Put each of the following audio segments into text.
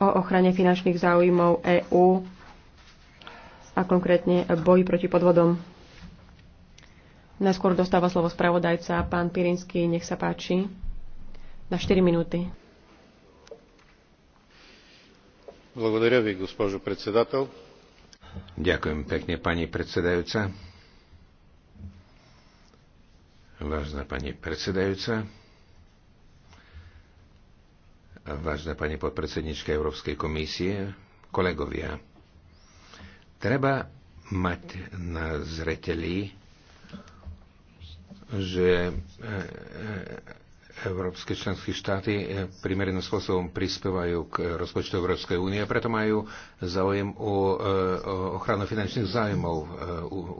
o ochrane finančných záujmov EÚ a konkrétne boji proti podvodom. Najskôr dostáva slovo spravodajca pán Pirinsky, nech sa páči, na 4 minúty. Ďakujem pekne, pani predsedajúca. Vážna pani predsedajúca, vážna pani podpredsednička Európskej komisie, kolegovia. Treba mať na zreteli, že e, e, európske členské štáty e, primerným spôsobom prispievajú k rozpočtu Európskej únie a preto majú záujem o ochranu finančných zájmov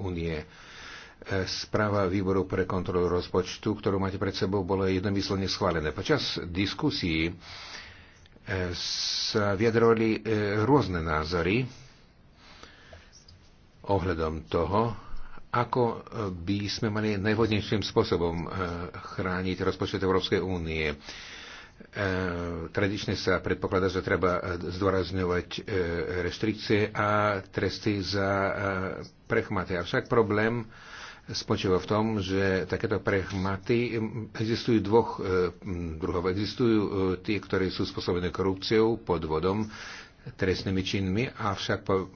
únie. Správa výboru pre kontrolu rozpočtu, ktorú máte pred sebou, bolo jednomyslne schválené. Počas diskusii e, sa vyjadrovali e, rôzne názory ohľadom toho, ako by sme mali najvhodnejším spôsobom e, chrániť rozpočet Európskej únie. Tradične sa predpokladá, že treba zdôrazňovať reštrikcie a tresty za prechmaty. Avšak problém spočíva v tom, že takéto prehmaty existujú dvoch e, druhov. Existujú e, tie, ktoré sú spôsobené korupciou, podvodom, trestnými činmi, avšak po,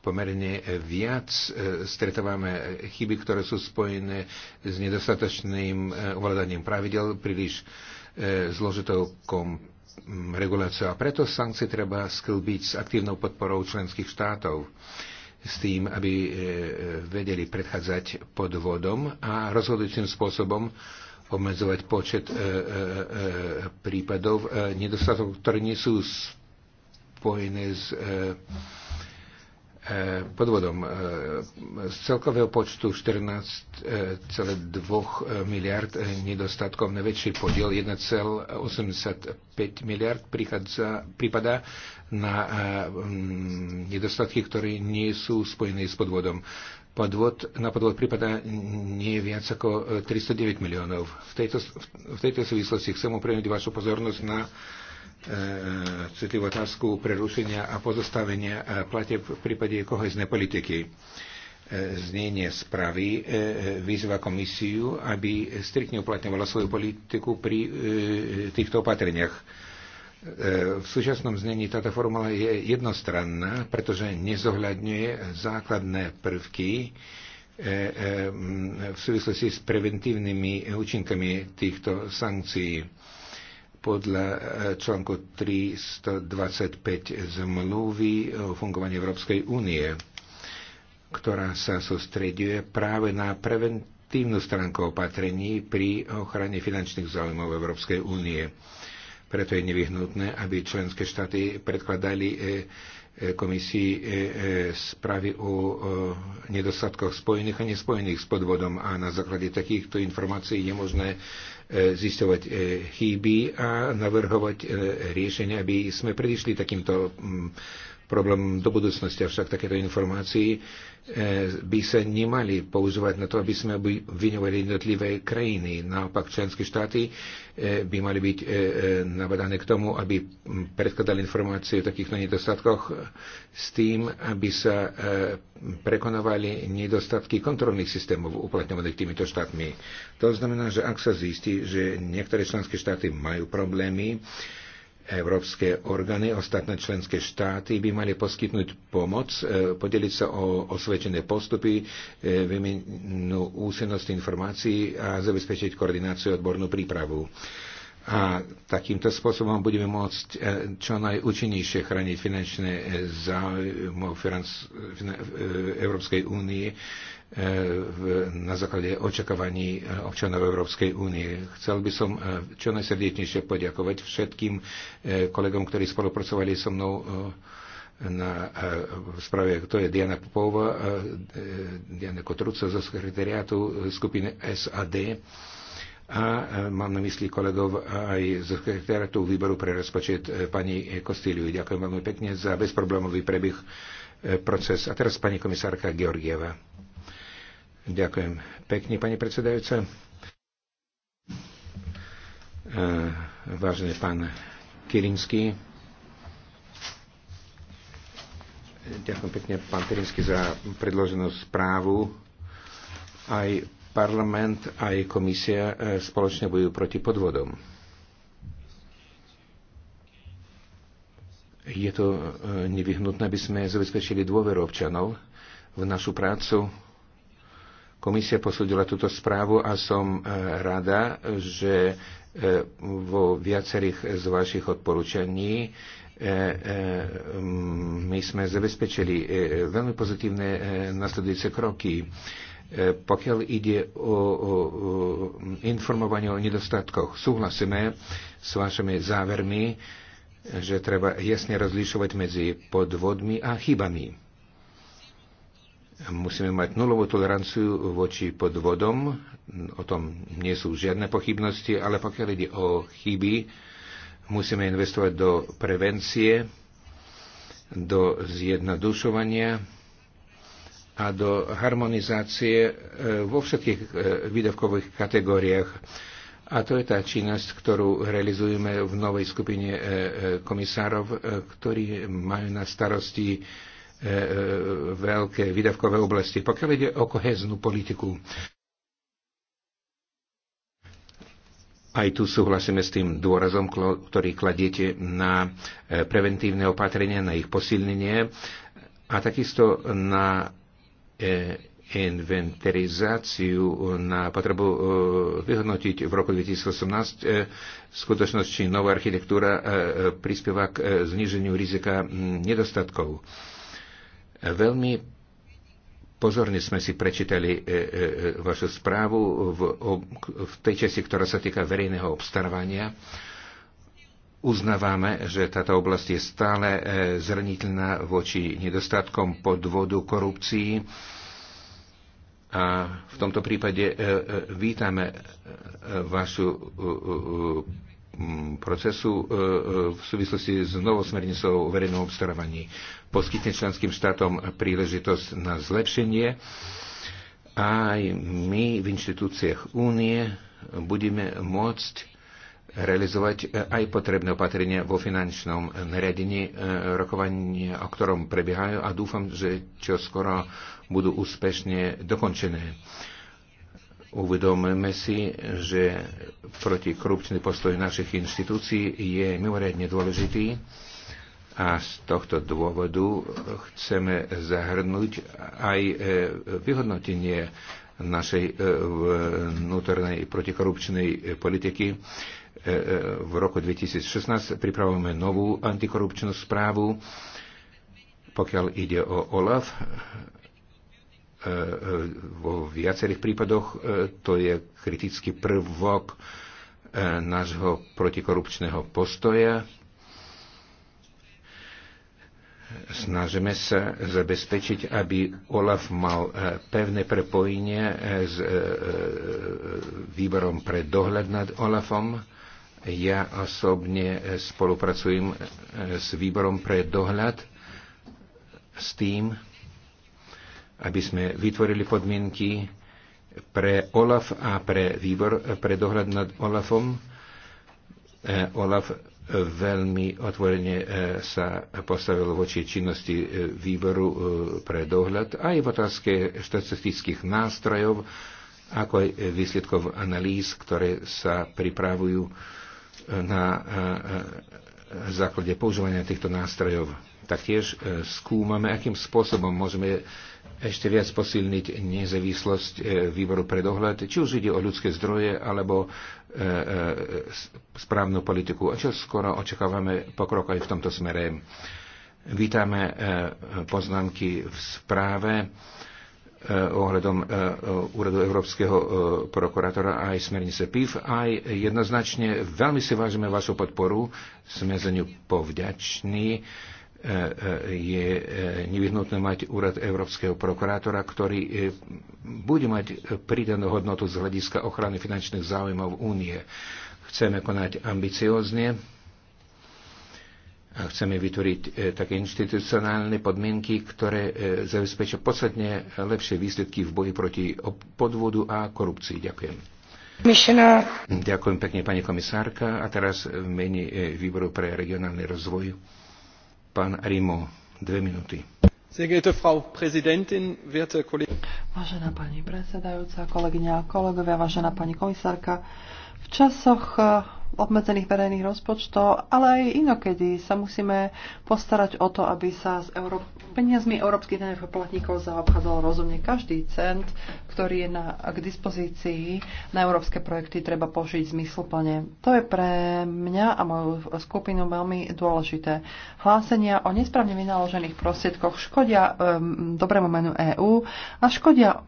pomerne viac e, stretávame chyby, ktoré sú spojené s nedostatočným ovládaním pravidel, príliš zložitou reguláciou. A preto sankcie treba sklbiť s aktívnou podporou členských štátov s tým, aby e, vedeli predchádzať podvodom a rozhodujúcim spôsobom obmedzovať počet e, e, prípadov nedostatkov, ktoré nie sú spojené s podvodom. Z celkového počtu 14,2 miliard nedostatkov najväčší podiel 1,85 miliard prípada na e, mm, nedostatky, ktoré nie sú spojené s podvodom. Podvod, na podvod prípada nie viac ako 309 e, miliónov. V tejto, v tejto súvislosti chcem upriamiť vašu pozornosť na e, e citlivú otázku prerušenia a pozostavenia plate v prípade koheznej politiky znenie správy vyzva komisiu, aby striktne uplatňovala svoju politiku pri týchto opatreniach v súčasnom znení táto formula je jednostranná, pretože nezohľadňuje základné prvky e, e, v súvislosti s preventívnymi účinkami týchto sankcií. Podľa e, článku 325 zmluvy o fungovaní Európskej únie, ktorá sa sústreďuje práve na preventívnu stránku opatrení pri ochrane finančných záujmov Európskej únie preto je nevyhnutné, aby členské štáty predkladali e, e, komisii e, správy o nedostatkoch spojených a nespojených s podvodom a na základe takýchto informácií je možné zistovať chyby a navrhovať riešenia, aby sme predišli takýmto problém do budúcnosti. Avšak takéto informácie by sa nemali používať na to, aby sme vyňovali jednotlivé krajiny. Naopak členské štáty E, by mali byť e, e, nabadané k tomu, aby predkladali informácie o takýchto nedostatkoch s tým, aby sa prekonovali nedostatky kontrolných systémov uplatňovaných týmito štátmi. To znamená, že ak sa zistí, že niektoré členské štáty majú problémy, Európske orgány, ostatné členské štáty by mali poskytnúť pomoc, e, podeliť sa o osvedčené postupy, e, vymenú úsenosti informácií a zabezpečiť koordináciu odbornú prípravu. A takýmto spôsobom budeme môcť e, čo najúčinnejšie chrániť finančné záujmy Európskej únie E, na základe očakávaní občanov Európskej únie. Chcel by som e, čo najsrdečnejšie poďakovať všetkým e, kolegom, ktorí spolupracovali so mnou na správe, to je Diana Popova, Diana Kotruca zo sekretariátu skupiny SAD a mám na mysli kolegov aj zo sekretariátu výboru pre rozpočet pani Kostýliu. Ďakujem veľmi pekne za bezproblémový prebieh proces. A teraz pani komisárka Georgieva. Ďakujem pekne, pani predsedajúca. E, vážený pán Kirinský, ďakujem pekne, pán Kirinský, za predloženú správu. Aj parlament, aj komisia e, spoločne bojujú proti podvodom. Je to e, nevyhnutné, aby sme zabezpečili dôveru občanov v našu prácu Komisia posúdila túto správu a som e, rada, že e, vo viacerých z vašich odporúčaní e, my sme zabezpečili veľmi pozitívne nasledujúce kroky. Pokiaľ ide o, informovanie o nedostatkoch, súhlasíme s vašimi závermi, že treba jasne rozlišovať medzi podvodmi a chybami Musíme mať nulovú toleranciu voči podvodom, o tom nie sú žiadne pochybnosti, ale pokiaľ ide o chyby, musíme investovať do prevencie, do zjednodušovania a do harmonizácie e, vo všetkých e, výdavkových kategóriách. A to je tá činnosť, ktorú realizujeme v novej skupine e, komisárov, ktorí majú na starosti E, e, veľké výdavkové oblasti. Pokiaľ ide o koheznú politiku, Aj tu súhlasíme s tým dôrazom, ktorý kladiete na e, preventívne opatrenia, na ich posilnenie a takisto na inventarizáciu, na potrebu vyhodnotiť v roku 2018 skutočnosť, či nová architektúra prispieva k zniženiu rizika nedostatkov. Veľmi pozorne sme si prečítali e, e, e, vašu správu v, tej časti, ktorá sa týka verejného obstarávania. Uznávame, že táto oblasť je stále zraniteľná voči nedostatkom podvodu, korupcii. A v tomto prípade vítame vašu Mm, procesu e, e, v súvislosti s novou smernicou o verejnom obstarávaní poskytne členským štátom príležitosť na zlepšenie a aj my v inštitúciách únie budeme môcť realizovať e, aj potrebné opatrenia vo finančnom nariadení rokovania, o ktorom prebiehajú a dúfam, že čo skoro budú úspešne dokončené. Uvedomujeme si, že protikorupčný postoj našich inštitúcií je mimoriadne dôležitý a z tohto dôvodu chceme zahrnúť aj e, vyhodnotenie našej e, vnútornej protikorupčnej politiky. E, v roku 2016 pripravujeme novú antikorupčnú správu, pokiaľ ide o OLAF vo viacerých prípadoch e, to je kritický prvok e, nášho protikorupčného postoja. Snažíme sa zabezpečiť, aby OLAF mal e, pevné prepojenie s výborom pre dohľad nad OLAFom. Ja osobne spolupracujem s výborom pre dohľad s tým, aby sme vytvorili podmienky pre OLAF a pre výbor, pre dohľad nad OLAFom. E, OLAF veľmi otvorene e, sa postavil voči činnosti e, výboru pre dohľad aj v otázke štatistických nástrojov, ako aj výsledkov analýz, ktoré sa pripravujú na základe používania týchto nástrojov. Taktiež skúmame, akým spôsobom môžeme ešte viac posilniť nezávislosť e, výboru pre dohľad, či už ide o ľudské zdroje alebo e, e, správnu politiku. A čo skoro očakávame pokrok aj v tomto smere. Vítame poznámky v správe ohľadom Úradu Európskeho prokurátora aj smernice PIF. Aj jednoznačne veľmi si vážime vašu podporu, sme za ňu povďační je e, nevyhnutné mať úrad Európskeho prokurátora, ktorý e, bude mať pridanú hodnotu z hľadiska ochrany finančných záujmov únie. Chceme konať ambiciózne a chceme vytvoriť e, také institucionálne podmienky, ktoré zabezpečia podstatne lepšie výsledky v boji proti podvodu a korupcii. Ďakujem. Ďakujem pekne, pani komisárka. A teraz v mene Výboru pre regionálny rozvoj Pán Rimo, dve minúty. Vážená pani predsedajúca, kolegyňa a kolegovia, vážená pani komisárka, v časoch obmedzených verejných rozpočtov, ale aj inokedy sa musíme postarať o to, aby sa s Euró- peniazmi európskych daňových poplatníkov zaobchádzal rozumne. Každý cent, ktorý je na, k dispozícii na európske projekty, treba použiť zmysluplne. To je pre mňa a moju skupinu veľmi dôležité. Hlásenia o nesprávne vynaložených prostriedkoch škodia um, dobrému menu EÚ a škodia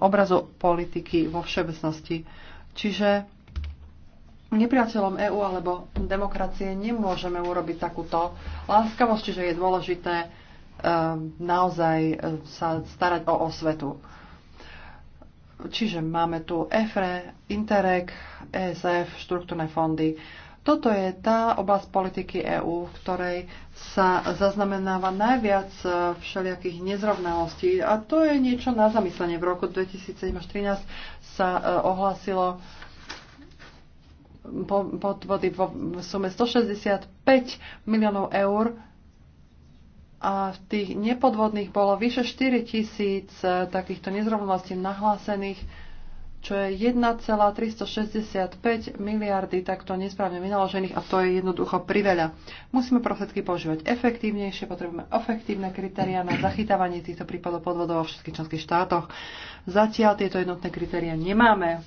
obrazu politiky vo všeobecnosti. Čiže nepriateľom EÚ alebo demokracie nemôžeme urobiť takúto láskavosť, čiže je dôležité eh, naozaj eh, sa starať o osvetu. Čiže máme tu EFRE, Interreg, ESF, štruktúrne fondy. Toto je tá oblasť politiky EÚ, v ktorej sa zaznamenáva najviac eh, všelijakých nezrovnalostí. A to je niečo na zamyslenie. V roku 2013 sa ohlásilo podvody vo sume 165 miliónov eur a v tých nepodvodných bolo vyše 4 tisíc e, takýchto nezrovností nahlásených, čo je 1,365 miliardy takto nesprávne vynaložených a to je jednoducho priveľa. Musíme prostriedky používať efektívnejšie, potrebujeme efektívne kritéria na zachytávanie týchto prípadov podvodov vo všetkých členských štátoch. Zatiaľ tieto jednotné kritéria nemáme.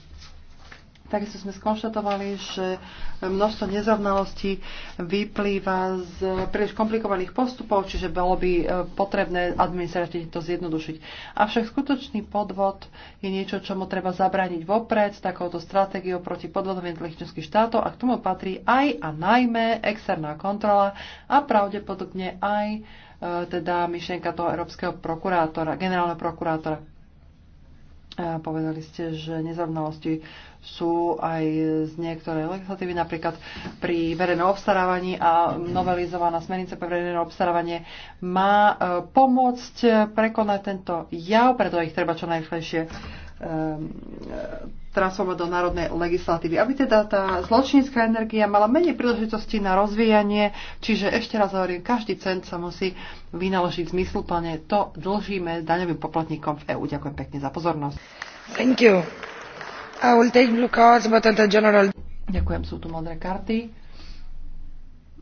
Takisto sme skonštatovali, že množstvo nezrovnalostí vyplýva z príliš komplikovaných postupov, čiže bolo by e, potrebné administratívne to zjednodušiť. Avšak skutočný podvod je niečo, čomu treba zabrániť vopred s takouto stratégiou proti podvodom jednotlivých štátov a k tomu patrí aj a najmä externá kontrola a pravdepodobne aj e, teda myšlienka toho európskeho prokurátora, generálneho prokurátora. A povedali ste, že nezrovnalosti sú aj z niektorej legislatívy, napríklad pri verejnom obstarávaní a novelizovaná smernica pre verejné obstarávanie má e, pomôcť prekonať tento jav, preto ich treba čo najrychlejšie e, transformovať do národnej legislatívy. Aby teda tá zločinská energia mala menej príležitosti na rozvíjanie, čiže ešte raz hovorím, každý cent sa musí vynaložiť zmysluplne. To dlžíme daňovým poplatníkom v EÚ. Ďakujem pekne za pozornosť. Thank you. I will take blue cards, but the general... Ďakujem, sú tu modré karty.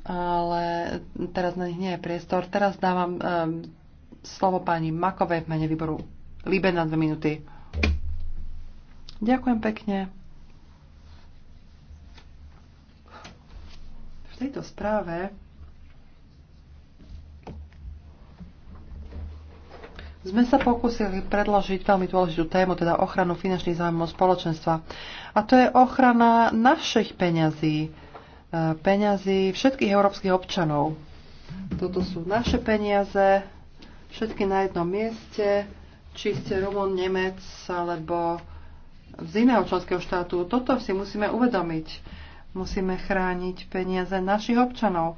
Ale teraz na nich nie je priestor. Teraz dávam um, slovo pani Makovej v mene výboru Libe na dve minúty. Ďakujem pekne. V tejto správe sme sa pokúsili predložiť veľmi dôležitú tému, teda ochranu finančných zájmov spoločenstva. A to je ochrana našich peňazí, e, peňazí všetkých európskych občanov. Toto sú naše peniaze, všetky na jednom mieste, či ste Rumun, Nemec alebo z iného členského štátu. Toto si musíme uvedomiť. Musíme chrániť peniaze našich občanov.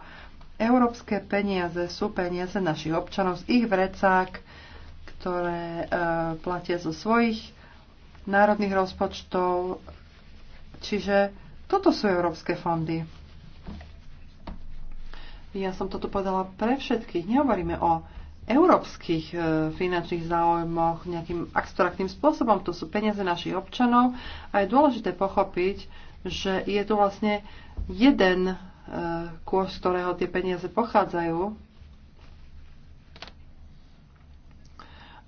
Európske peniaze sú peniaze našich občanov z ich vrecák, ktoré e, platia zo svojich národných rozpočtov. Čiže toto sú európske fondy. Ja som toto povedala pre všetkých. Nehovoríme o európskych e, finančných záujmoch nejakým abstraktným spôsobom. To sú peniaze našich občanov a je dôležité pochopiť, že je tu vlastne jeden e, kôž, z ktorého tie peniaze pochádzajú.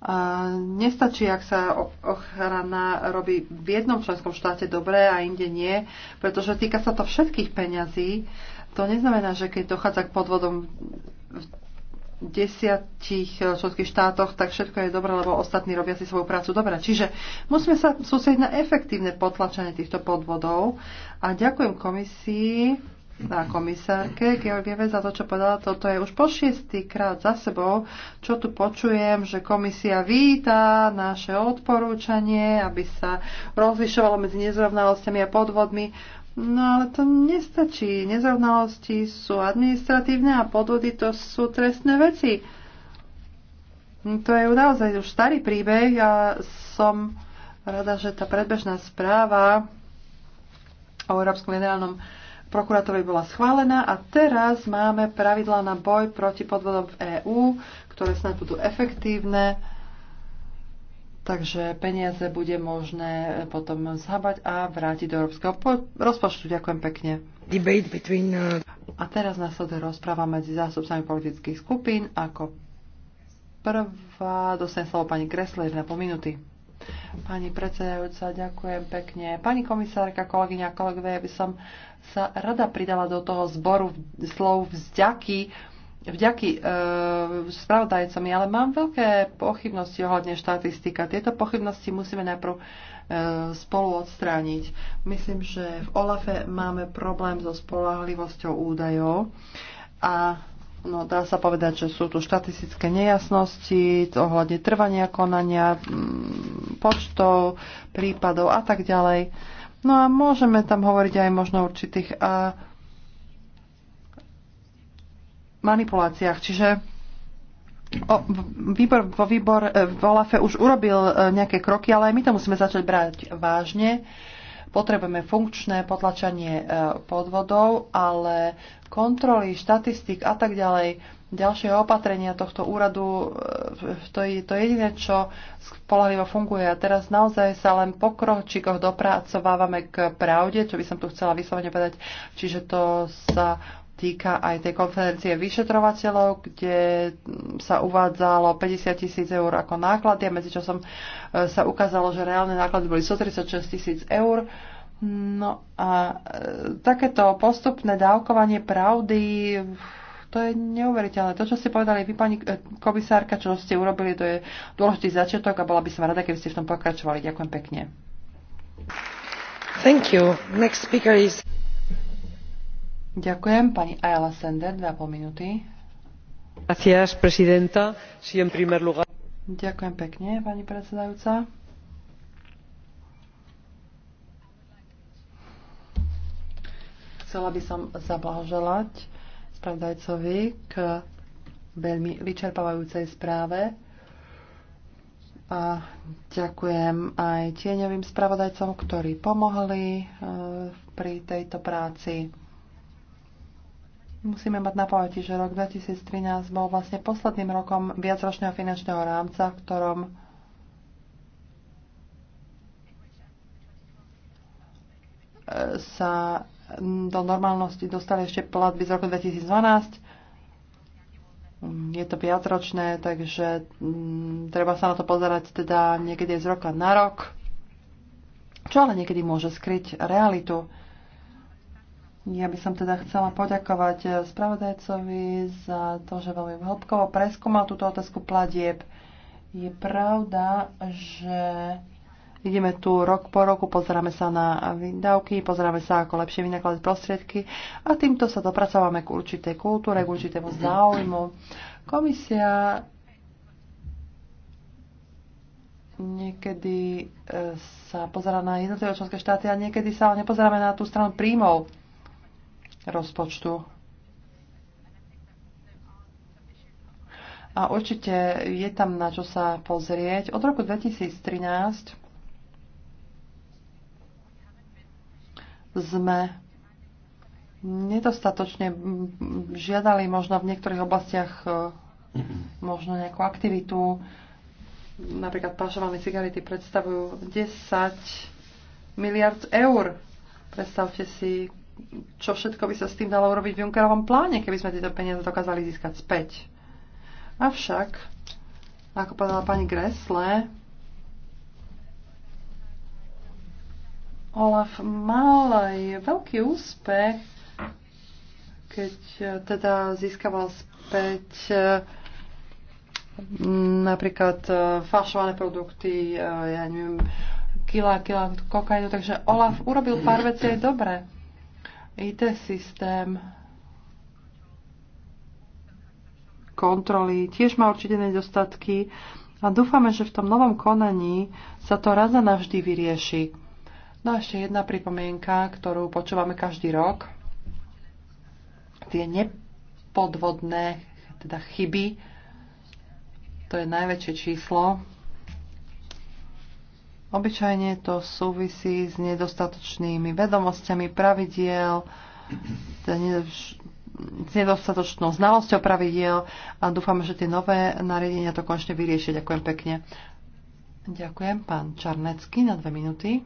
A nestačí, ak sa ochrana robí v jednom členskom štáte dobre a inde nie, pretože týka sa to všetkých peňazí. To neznamená, že keď dochádza k podvodom v desiatich eh, členských štátoch, tak všetko je dobré, lebo ostatní robia si svoju prácu dobre. Čiže musíme sa sústrediť na efektívne potlačenie týchto podvodov a ďakujem komisii na komisárke Georgieve za to, čo povedala. Toto je už po šiestý krát za sebou, čo tu počujem, že komisia víta naše odporúčanie, aby sa rozlišovalo medzi nezrovnalostiami a podvodmi. No ale to nestačí. Nezrovnalosti sú administratívne a podvody to sú trestné veci. To je naozaj už starý príbeh a som rada, že tá predbežná správa o Európskom generálnom prokurátorovi bola schválená a teraz máme pravidla na boj proti podvodom v EÚ, ktoré snad budú efektívne Takže peniaze bude možné potom zhabať a vrátiť do európskeho rozpočtu. Ďakujem pekne. Between... Uh, a teraz následuje rozpráva medzi zástupcami politických skupín. Ako prvá dostane slovo pani Kresler na po Pani predsedajúca, ďakujem pekne. Pani komisárka, kolegyňa kolegové. kolegovia, ja by som sa rada pridala do toho zboru slov vzďaky vďaky e, spravodajcom, ale mám veľké pochybnosti ohľadne štatistika. Tieto pochybnosti musíme najprv e, spolu odstrániť. Myslím, že v OLAFe máme problém so spolahlivosťou údajov a no, dá sa povedať, že sú tu štatistické nejasnosti ohľadne trvania konania, počtov, prípadov a tak ďalej. No a môžeme tam hovoriť aj možno určitých a manipuláciách. Čiže o, výbor, vo výbor e, v Olafe už urobil e, nejaké kroky, ale aj my to musíme začať brať vážne. Potrebujeme funkčné potlačanie e, podvodov, ale kontroly, štatistik a tak ďalej, ďalšie opatrenia tohto úradu, to je to jediné, čo spolahlivo funguje. A teraz naozaj sa len po kročikoch dopracovávame k pravde, čo by som tu chcela vyslovene povedať. Čiže to sa týka aj tej konferencie vyšetrovateľov, kde sa uvádzalo 50 tisíc eur ako náklady a medzi časom e, sa ukázalo, že reálne náklady boli 136 tisíc eur. No a e, takéto postupné dávkovanie pravdy, to je neuveriteľné. To, čo ste povedali vy, pani e, komisárka, čo ste urobili, to je dôležitý začiatok a bola by som rada, keby ste v tom pokračovali. Ďakujem pekne. Thank you. Next speaker is... Ďakujem. Pani Ayala Sender, 2,5 minúty. Gracias, presidenta. Si en primer lugar... Ďakujem pekne, pani predsedajúca. Chcela by som zablahoželať spravodajcovi k veľmi vyčerpávajúcej správe. A ďakujem aj tieňovým spravodajcom, ktorí pomohli eh, pri tejto práci. Musíme mať na pamäti, že rok 2013 bol vlastne posledným rokom viacročného finančného rámca, v ktorom sa do normálnosti dostali ešte platby z roku 2012. Je to viacročné, takže mm, treba sa na to pozerať teda niekedy z roka na rok, čo ale niekedy môže skryť realitu ja by som teda chcela poďakovať eh, spravodajcovi za to, že veľmi hĺbkovo preskúmal túto otázku pladieb. Je pravda, že ideme tu rok po roku, pozeráme sa na výdavky, pozeráme sa, ako lepšie vynakladať prostriedky a týmto sa dopracovávame k určitej kultúre, k určitému záujmu. Komisia niekedy eh, sa pozerá na jednotlivé členské štáty a niekedy sa nepozeráme na tú stranu príjmov rozpočtu. A určite je tam na čo sa pozrieť. Od roku 2013 sme nedostatočne žiadali možno v niektorých oblastiach e, možno nejakú aktivitu. Napríklad pašované cigarety predstavujú 10 miliard eur. Predstavte si, čo všetko by sa s tým dalo urobiť v Junckerovom pláne, keby sme tieto peniaze dokázali získať späť. Avšak, ako povedala pani Gressle, Olaf mal aj veľký úspech, keď e, teda získaval späť e, napríklad e, fašované produkty, ja neviem, kila, kila kokainu, takže Olaf urobil pár vecí aj dobre. IT systém kontroly tiež má určite nedostatky a dúfame, že v tom novom konaní sa to raz a navždy vyrieši. No a ešte jedna pripomienka, ktorú počúvame každý rok. Tie nepodvodné teda chyby, to je najväčšie číslo, Obyčajne to súvisí s nedostatočnými vedomosťami pravidiel, s nedostatočnou znalosťou pravidiel a dúfame, že tie nové nariadenia to konečne vyriešia. Ďakujem pekne. Ďakujem. Pán Čarnecký na dve minúty.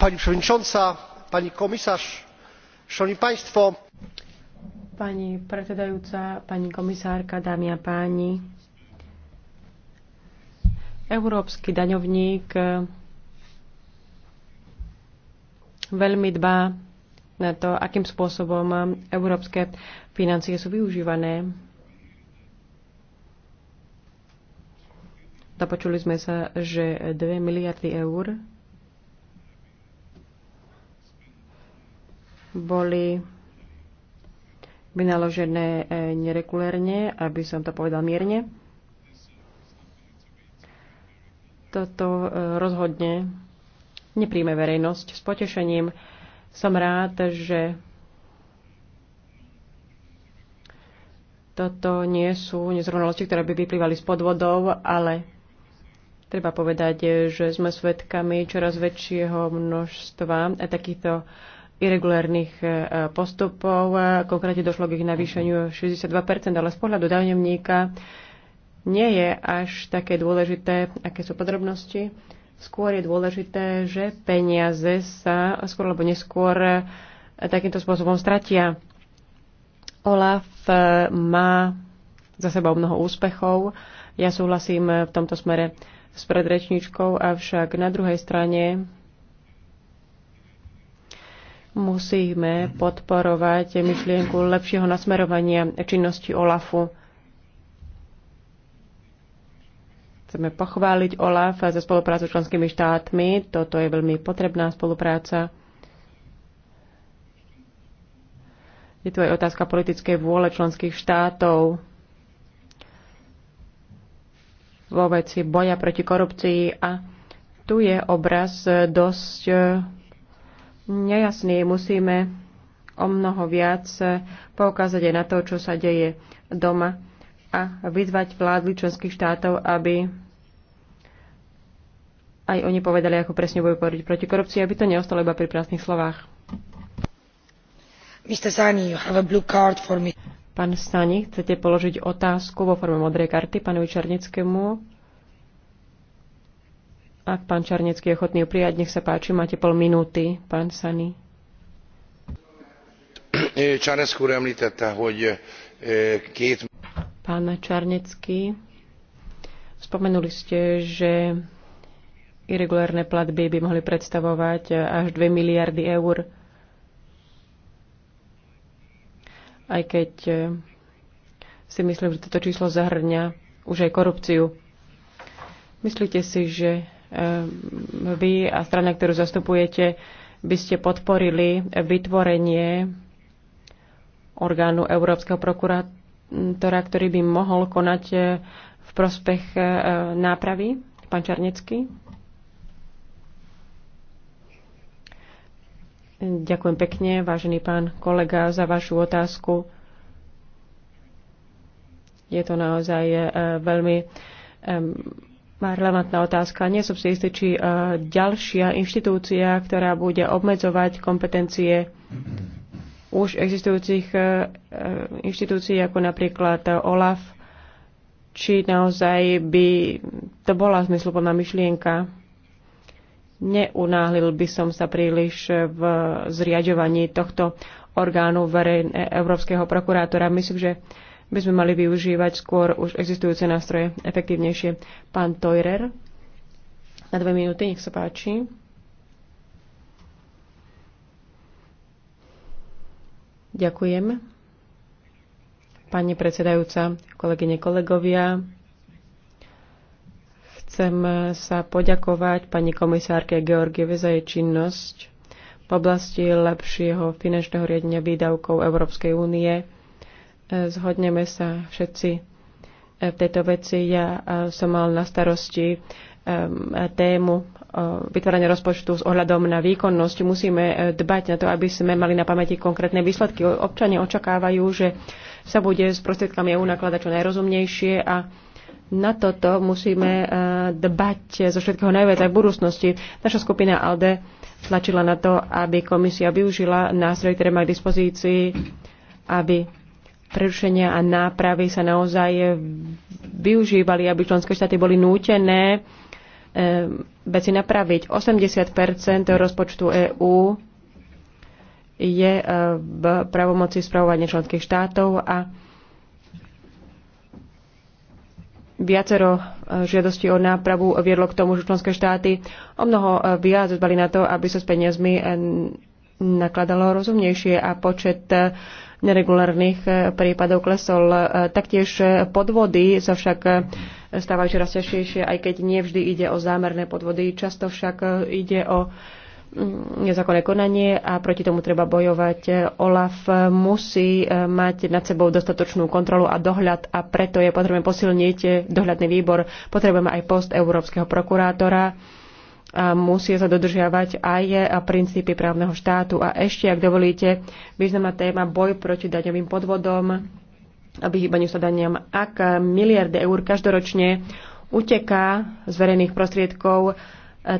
Pani przewodnicząca, pani komisarz, szanowni państwo. Pani predsedajúca, pani komisárka, dámy a páni. Európsky daňovník e, veľmi dbá na to, akým spôsobom európske financie sú využívané. Započuli sme sa, že 2 miliardy eur boli vynaložené e, nerekulérne, aby som to povedal mierne toto e, rozhodne nepríjme verejnosť. S potešením som rád, že toto nie sú nezrovnalosti, ktoré by vyplývali z podvodov, ale treba povedať, že sme svedkami čoraz väčšieho množstva takýchto irregulárnych e, postupov. Konkrétne došlo k ich navýšeniu 62%, ale z pohľadu dávnevníka nie je až také dôležité, aké sú podrobnosti. Skôr je dôležité, že peniaze sa skôr alebo neskôr e, takýmto spôsobom stratia. Olaf e, má za sebou mnoho úspechov. Ja súhlasím v tomto smere s predrečníčkou, avšak na druhej strane musíme podporovať myšlienku lepšieho nasmerovania činnosti OLAFu Chceme pochváliť OLAF za spoluprácu s členskými štátmi. Toto je veľmi potrebná spolupráca. Je tu aj otázka politickej vôle členských štátov vo veci boja proti korupcii a tu je obraz dosť nejasný. Musíme o mnoho viac poukázať aj na to, čo sa deje doma a vyzvať vlády členských štátov, aby aj oni povedali, ako presne budú poriť proti korupcii, aby to neostalo iba pri prázdnych slovách. Mr. Sani, you have a blue card for me. Pán Sani, chcete položiť otázku vo forme modrej karty pánovi Čarneckému? Ak pán Čarnecký je ochotný ju prijať, nech sa páči, máte pol minúty, pán Sani. Čarnecký említette, hogy eh, két Pán Čarnecký, spomenuli ste, že irregulárne platby by mohli predstavovať eh, až 2 miliardy eur, aj keď eh, si myslím, že toto číslo zahrňa už aj korupciu. Myslíte si, že eh, vy a strana, ktorú zastupujete, by ste podporili vytvorenie orgánu Európskeho prokurátora? ktorá ktorý by mohol konať e, v prospech e, nápravy? Pán Čarnecký? Ďakujem pekne, vážený pán kolega, za vašu otázku. Je to naozaj e, veľmi relevantná otázka. Nie som si istý, či ďalšia inštitúcia, ktorá bude obmedzovať kompetencie už existujúcich e, e, inštitúcií, ako napríklad OLAF, či naozaj by to bola zmysluplná myšlienka. Neunáhlil by som sa príliš v zriaďovaní tohto orgánu verejne, Európskeho prokurátora. Myslím, že by sme mali využívať skôr už existujúce nástroje efektívnejšie. Pán Tojrer, na dve minúty, nech sa páči. Ďakujem. Pani predsedajúca, kolegyne, kolegovia, chcem sa poďakovať pani komisárke Georgieve za jej činnosť v oblasti lepšieho finančného riadenia výdavkov Európskej únie. Zhodneme sa všetci v tejto veci. Ja som mal na starosti tému E, vytvárania rozpočtu s ohľadom na výkonnosť, musíme e, dbať na to, aby sme mali na pamäti konkrétne výsledky. Občania očakávajú, že sa bude s prostriedkami EU nakladať čo najrozumnejšie a na toto musíme e, dbať zo všetkého najviac aj v budúcnosti. Naša skupina ALDE tlačila na to, aby komisia využila nástroje, ktoré má k dispozícii, aby prerušenia a nápravy sa naozaj využívali, aby členské štáty boli nútené veci napraviť. 80 rozpočtu EÚ je e, v pravomoci spravovania členských štátov a viacero e, žiadostí o nápravu viedlo k tomu, že členské štáty o mnoho e, viac zbali na to, aby sa s peniazmi nakladalo rozumnejšie a počet neregulárnych prípadov klesol. Taktiež podvody sa však stávajú čoraz ťažšie, aj keď nie vždy ide o zámerné podvody. Často však e, ide o mm, nezákonné konanie a proti tomu treba bojovať. OLAF musí e, mať nad sebou dostatočnú kontrolu a dohľad a preto je potrebné posilniť e, dohľadný výbor. Potrebujeme aj post európskeho prokurátora a musí sa dodržiavať aj princípy právneho štátu. A ešte, ak dovolíte, významná téma boj proti daňovým podvodom vyhýbaniu sa daniam. Ak miliardy eur každoročne uteká z verejných prostriedkov e,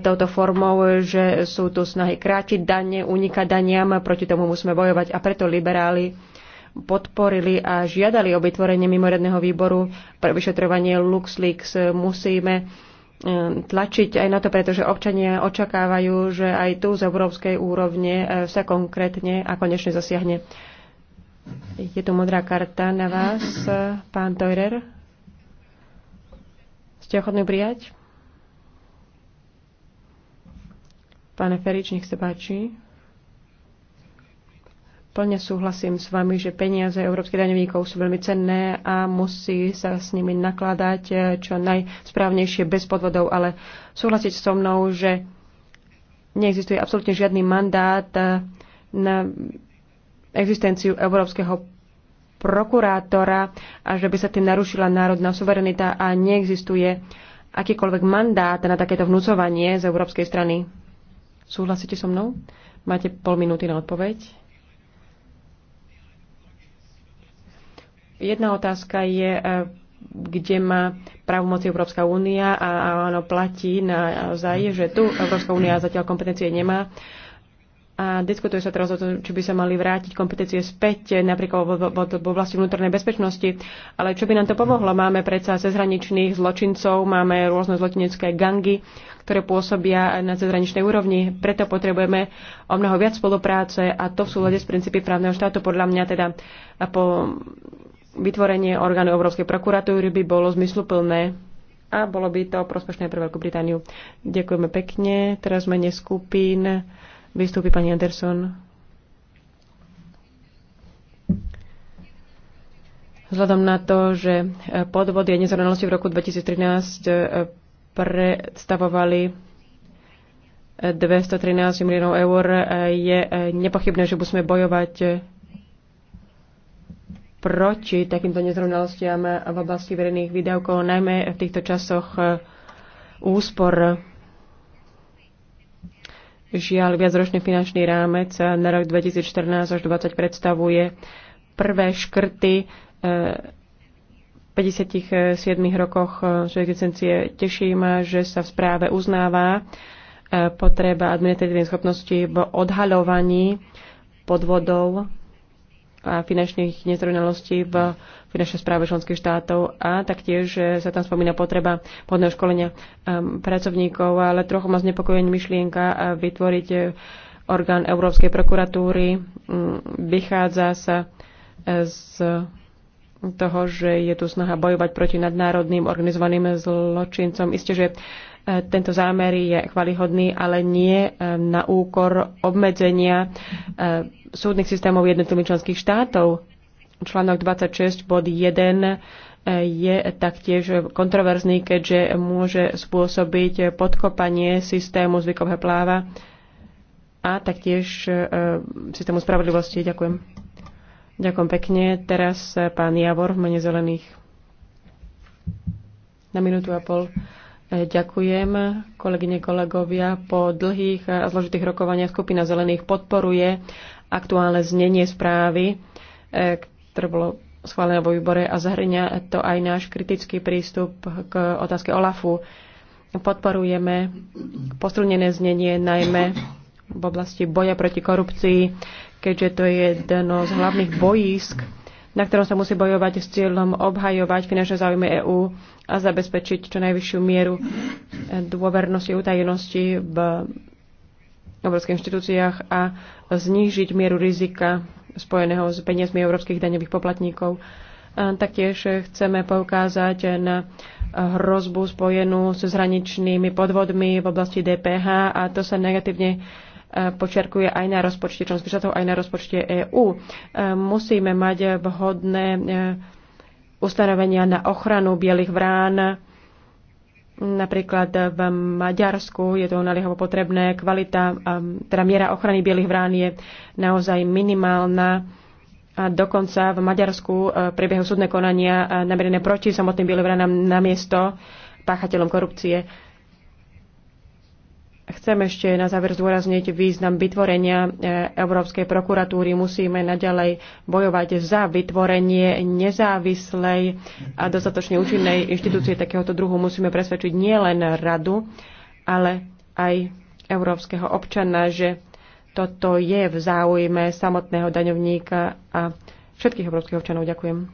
touto formou, že sú tu snahy krátiť dane, unikať daniam, proti tomu musíme bojovať a preto liberáli podporili a žiadali o vytvorenie mimoriadného výboru pre vyšetrovanie LuxLeaks. Musíme e, tlačiť aj na to, pretože občania očakávajú, že aj tu z európskej úrovne e, sa konkrétne a konečne zasiahne je tu modrá karta na vás, pán Teurer. Ste ochotní prijať? Pane Ferič, nech sa páči. Plne súhlasím s vami, že peniaze európskych daňovníkov sú veľmi cenné a musí sa s nimi nakladať eh, čo najsprávnejšie bez podvodov, ale súhlasiť so mnou, že neexistuje absolútne žiadny mandát eh, na existenciu európskeho prokurátora a že by sa tým narušila národná suverenita a neexistuje akýkoľvek mandát na takéto vnúcovanie z európskej strany. Súhlasíte so mnou? Máte pol minúty na odpoveď. Jedna otázka je, e, kde má právomoci Európska únia a áno, platí na, za že tu Európska únia zatiaľ kompetencie nemá. Uh, a diskutuje sa teraz o tom, či by sa mali vrátiť kompetencie späť, napríklad v oblasti vnútornej bezpečnosti. Ale čo by nám to pomohlo? Máme predsa cezhraničných zločincov, máme rôzne zločinecké gangy, ktoré pôsobia na cezhraničnej úrovni. Preto potrebujeme o mnoho viac spolupráce a to v súlade s princípy právneho štátu. Podľa mňa teda po vytvorenie orgánu Európskej prokuratúry by bolo zmysluplné a bolo by to prospešné pre Veľkú Britániu. Ďakujeme pekne. Teraz mene skupín Vystúpi pani Anderson. Vzhľadom na to, že e, podvody a nezrovnalosti v roku 2013 e, predstavovali 213 e, miliónov eur, je nepochybné, že musíme bojovať proti takýmto nezrovnalostiam v oblasti verejných výdavkov, najmä v týchto časoch úspor Žiaľ, viacročný finančný rámec na rok 2014 až 2020 predstavuje prvé škrty 57 eh, rokoch eh, svojej licencie. Teší ma, že sa v správe uznáva eh, potreba administratívnej schopnosti v odhaľovaní podvodov a finančných nezrovnalostí v finančnej správy členských štátov a taktiež sa tam spomína potreba podného školenia um, pracovníkov, ale trochu ma znepokojuje myšlienka uh, vytvoriť uh, orgán Európskej prokuratúry. Mm, vychádza sa uh, z toho, že je tu snaha bojovať proti nadnárodným organizovaným zločincom. Isté, že tento zámer je chvalihodný, ale nie na úkor obmedzenia súdnych systémov jednotlivých členských štátov článok 26 bod 1 e, je taktiež kontroverzný, keďže môže spôsobiť podkopanie systému zvykového pláva a taktiež e, systému spravodlivosti. Ďakujem. Ďakujem pekne. Teraz pán Javor v mene zelených. Na minútu a pol. E, ďakujem, kolegyne, kolegovia. Po dlhých a zložitých rokovaniach skupina zelených podporuje aktuálne znenie správy, ktoré bolo schválené vo výbore a zahrňa to aj náš kritický prístup k otázke OLAFu. Podporujeme posilnené znenie najmä v oblasti boja proti korupcii, keďže to je jedno z hlavných bojísk, na ktorom sa musí bojovať s cieľom obhajovať finančné záujmy EÚ a zabezpečiť čo najvyššiu mieru dôvernosti, a utajenosti v európskych inštitúciách a znížiť mieru rizika spojeného s peniazmi európskych daňových poplatníkov. Taktiež chceme poukázať na hrozbu spojenú s zhraničnými podvodmi v oblasti DPH a to sa negatívne e, počerkuje aj na rozpočte členských štátov, aj na rozpočte EÚ. E, musíme mať vhodné e, ustanovenia na ochranu bielých vrán, Napríklad v Maďarsku je to naliehavo potrebné, kvalita, um, teda miera ochrany bielých vrán je naozaj minimálna. A dokonca v Maďarsku uh, prebiehajú súdne konania uh, namerené proti samotným bielým vránam na miesto páchateľom korupcie. Chcem ešte na záver zdôrazniť význam vytvorenia e, Európskej prokuratúry. Musíme naďalej bojovať za vytvorenie nezávislej a dostatočne účinnej inštitúcie takéhoto druhu. Musíme presvedčiť nielen radu, ale aj európskeho občana, že toto je v záujme samotného daňovníka a všetkých európskych občanov. Ďakujem.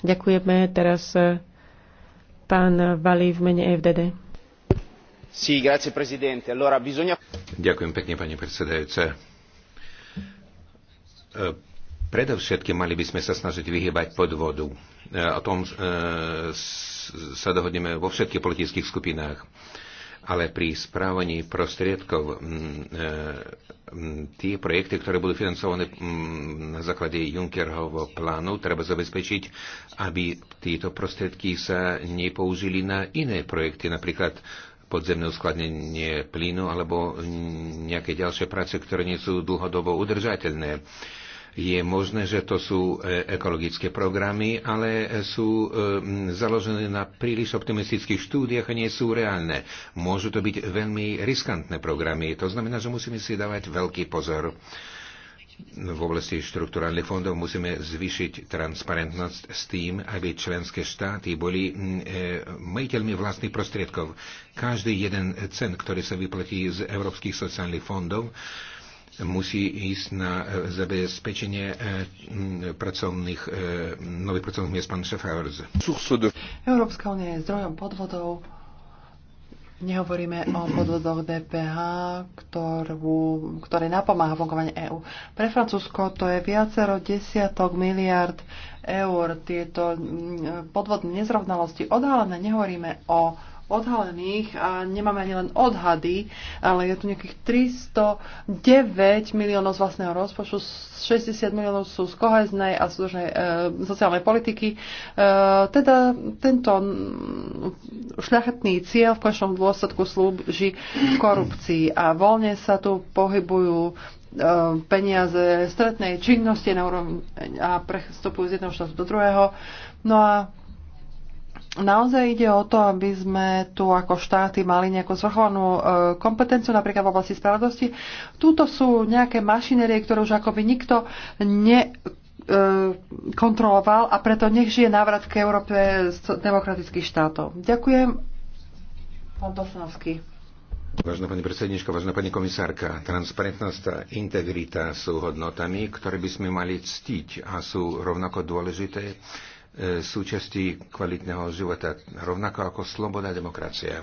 Ďakujeme teraz e, pán Valí v mene e FDD. Ďakujem pekne, pani predsedajúce. Predovšetkým mali by sme sa snažiť vyhybať podvodu. E, o tom e, sa dohodneme vo všetkých politických skupinách. Ale pri správaní prostriedkov e, tie projekty, ktoré budú financované na základe Junckerovho plánu, treba zabezpečiť, aby tieto prostriedky sa nepoužili na iné projekty, napríklad podzemné uskladnenie plynu alebo nejaké ďalšie práce, ktoré nie sú dlhodobo udržateľné. Je možné, že to sú e, ekologické programy, ale sú e, založené na príliš optimistických štúdiách a nie sú reálne. Môžu to byť veľmi riskantné programy. To znamená, že musíme si dávať veľký pozor. No, v oblasti štrukturálnych fondov musíme zvýšiť transparentnosť s tým, aby členské štáty boli mm, e, majiteľmi vlastných prostriedkov. Každý jeden cen, ktorý sa vyplatí z európskych sociálnych fondov, musí ísť na e, zabezpečenie e, pracovných, nových pracovných miest. Pán Schaffhauser. Európska únia je zdrojom podvodov, Nehovoríme o podvodoch DPH, ktorú, ktoré napomáha fungovanie EÚ. Pre Francúzsko to je viacero desiatok miliard eur. Tieto mm, podvodné nezrovnalosti odhalené nehovoríme o odhalených a nemáme ani len odhady, ale je tu nejakých 309 miliónov z vlastného rozpočtu, 60 miliónov sú z koheznej a súdržnej e, sociálnej politiky. E, teda tento šľachetný cieľ v končnom dôsledku slúži korupcii a voľne sa tu pohybujú e, peniaze stretnej činnosti na úrovni a prestupujú z jedného štátu do druhého. No a Naozaj ide o to, aby sme tu ako štáty mali nejakú zvrchovanú e, kompetenciu, napríklad v oblasti spravodlosti. Túto sú nejaké mašinerie, ktoré už akoby nikto ne e, kontroloval a preto nech žije návrat k Európe z demokratických štátov. Ďakujem. Pán Dosnovský. Vážená pani predsednička, vážená pani komisárka, transparentnosť a integrita sú hodnotami, ktoré by sme mali ctiť a sú rovnako dôležité E, súčasti kvalitného života, rovnako ako sloboda demokracia.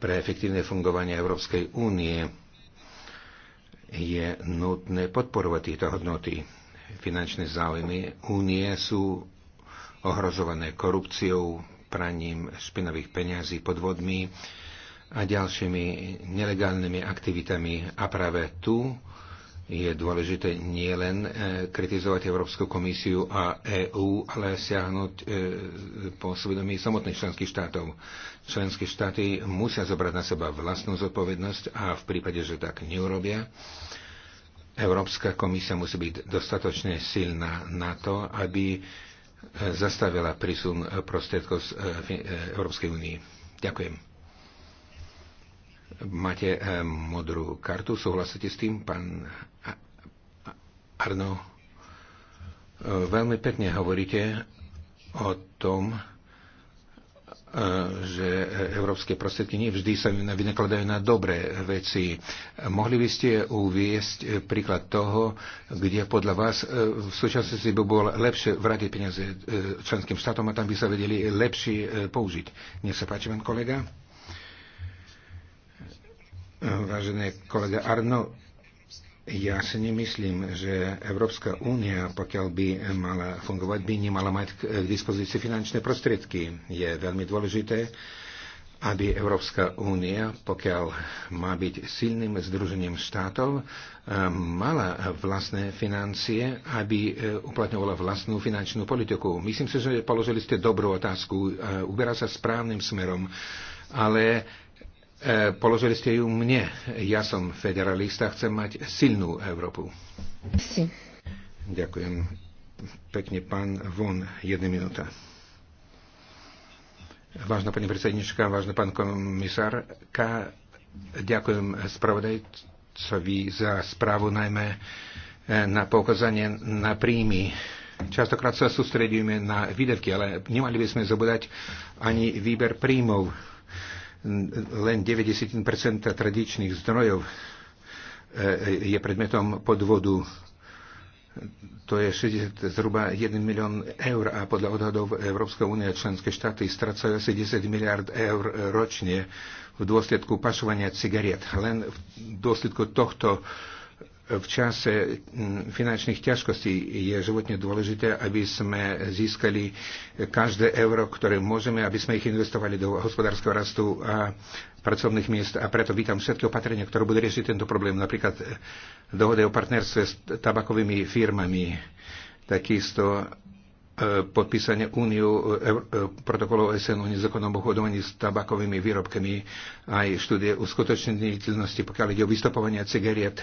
Pre efektívne fungovanie Európskej únie je nutné podporovať tieto hodnoty. Finančné záujmy únie sú ohrozované korupciou, praním špinavých peňazí, podvodmi a ďalšími nelegálnymi aktivitami. A práve tu je dôležité nielen e, kritizovať Európsku komisiu a EÚ, ale siahnuť e, po svedomí samotných členských štátov. Členské štáty musia zobrať na seba vlastnú zodpovednosť a v prípade, že tak neurobia, Európska komisia musí byť dostatočne silná na to, aby e, zastavila prísun prostriedkov z Európskej únie. Ďakujem. Máte eh, modrú kartu, súhlasíte s tým, pán Arno? Eh, veľmi pekne hovoríte o tom, eh, že európske prostriedky nevždy sa vynakladajú na dobré veci. Mohli by ste uviesť príklad toho, kde podľa vás v súčasnosti by bolo lepšie vrátiť peniaze členským štátom a tam by sa vedeli lepšie použiť. Nech sa páči, pán kolega. Vážené kolega Arno, ja si nemyslím, že Európska únia, pokiaľ by mala fungovať, by nemala mať k dispozícii finančné prostriedky. Je veľmi dôležité, aby Európska únia, pokiaľ má byť silným združením štátov, mala vlastné financie, aby e, uplatňovala vlastnú finančnú politiku. Myslím si, že položili ste dobrú otázku, e, uberá sa správnym smerom, ale E, položili ste ju mne. Ja som federalista, chcem mať silnú Európu. Si. Ďakujem. Pekne, pán Von, jedna minúta. Vážna pani predsednička, vážna pán komisárka, ďakujem spravodajcovi za správu najmä e, na poukazanie na príjmy. Častokrát sa sústredíme na výdavky, ale nemali by sme zabúdať ani výber príjmov len 90% tradičných zdrojov e, je predmetom podvodu. To je 60, zhruba 1 milión eur a podľa odhadov Európska únia a členské štáty strácajú asi 10 miliard eur ročne v dôsledku pašovania cigariet. Len v dôsledku tohto v čase finančných ťažkostí je životne dôležité, aby sme získali každé euro, ktoré môžeme, aby sme ich investovali do hospodárskeho rastu a pracovných miest. A preto vítam všetky opatrenia, ktoré budú riešiť tento problém, napríklad e, dohody o partnerstve s tabakovými firmami, takisto e, podpísanie úniu e, protokolov SN o nezákonnom obchodovaní s tabakovými výrobkami, aj štúdie uskutočniteľnosti, pokiaľ ide o vystupovanie cigariet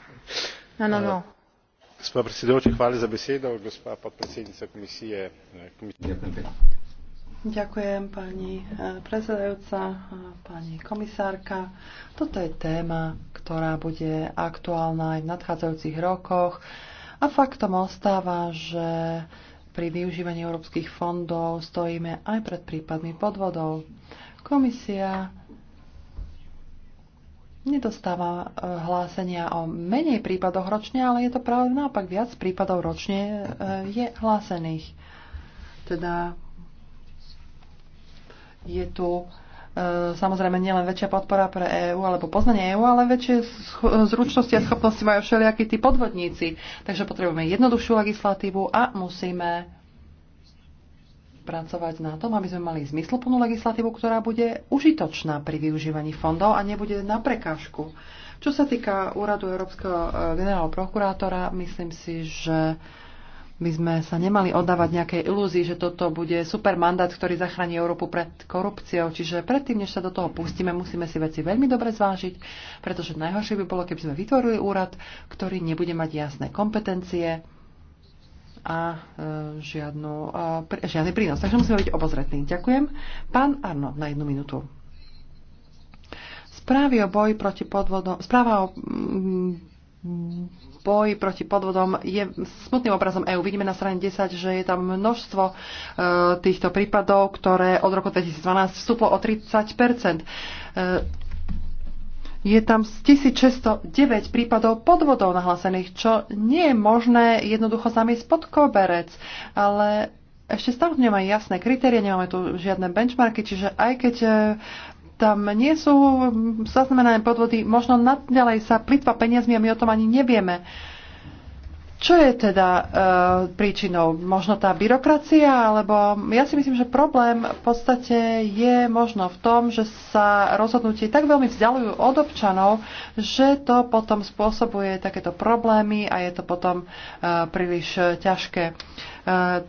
No, no, eh, no. gospa predsedujoča hvala za besedo gospa podpredsednica komisije eh, Ďakujem pani eh, predsedajúca, pani komisárka. Toto je téma, ktorá bude aktuálna aj v nadchádzajúcich rokoch a faktom ostáva, že pri využívaní európskych fondov stojíme aj pred prípadmi podvodov. Komisia nedostáva e, hlásenia o menej prípadoch ročne, ale je to práve naopak viac prípadov ročne e, je hlásených. Teda je tu e, samozrejme nielen väčšia podpora pre EÚ alebo poznanie EÚ, ale väčšie zručnosti a schopnosti majú všelijakí tí podvodníci. Takže potrebujeme jednoduchšiu legislatívu a musíme pracovať na tom, aby sme mali zmysluplnú legislatívu, ktorá bude užitočná pri využívaní fondov a nebude na prekážku. Čo sa týka úradu Európskeho e, generálneho prokurátora, myslím si, že by sme sa nemali oddávať nejakej ilúzii, že toto bude super mandát, ktorý zachráni Európu pred korupciou. Čiže predtým, než sa do toho pustíme, musíme si veci veľmi dobre zvážiť, pretože najhoršie by bolo, keby sme vytvorili úrad, ktorý nebude mať jasné kompetencie, a e, žiadnu, žiadny prínos. Takže musíme byť obozretní. Ďakujem. Pán Arno, na jednu minútu. Správy o boji proti podvodom, správa o mm, boji proti podvodom je smutným obrazom EÚ. Vidíme na strane 10, že je tam množstvo e, týchto prípadov, ktoré od roku 2012 vstúplo o 30 e, je tam 1609 prípadov podvodov nahlasených, čo nie je možné jednoducho zamiesť pod koberec. Ale ešte stále nemáme jasné kritérie, nemáme tu žiadne benchmarky, čiže aj keď e, tam nie sú zaznamenané podvody, možno nadďalej sa plitva peniazmi a my o tom ani nevieme. Uh, čo je teda e, príčinou? Možno tá byrokracia, alebo ja si myslím, že problém v podstate je možno v tom, že sa rozhodnutie tak veľmi vzdialujú od občanov, že to potom spôsobuje takéto problémy a je to potom e, príliš ťažké. E,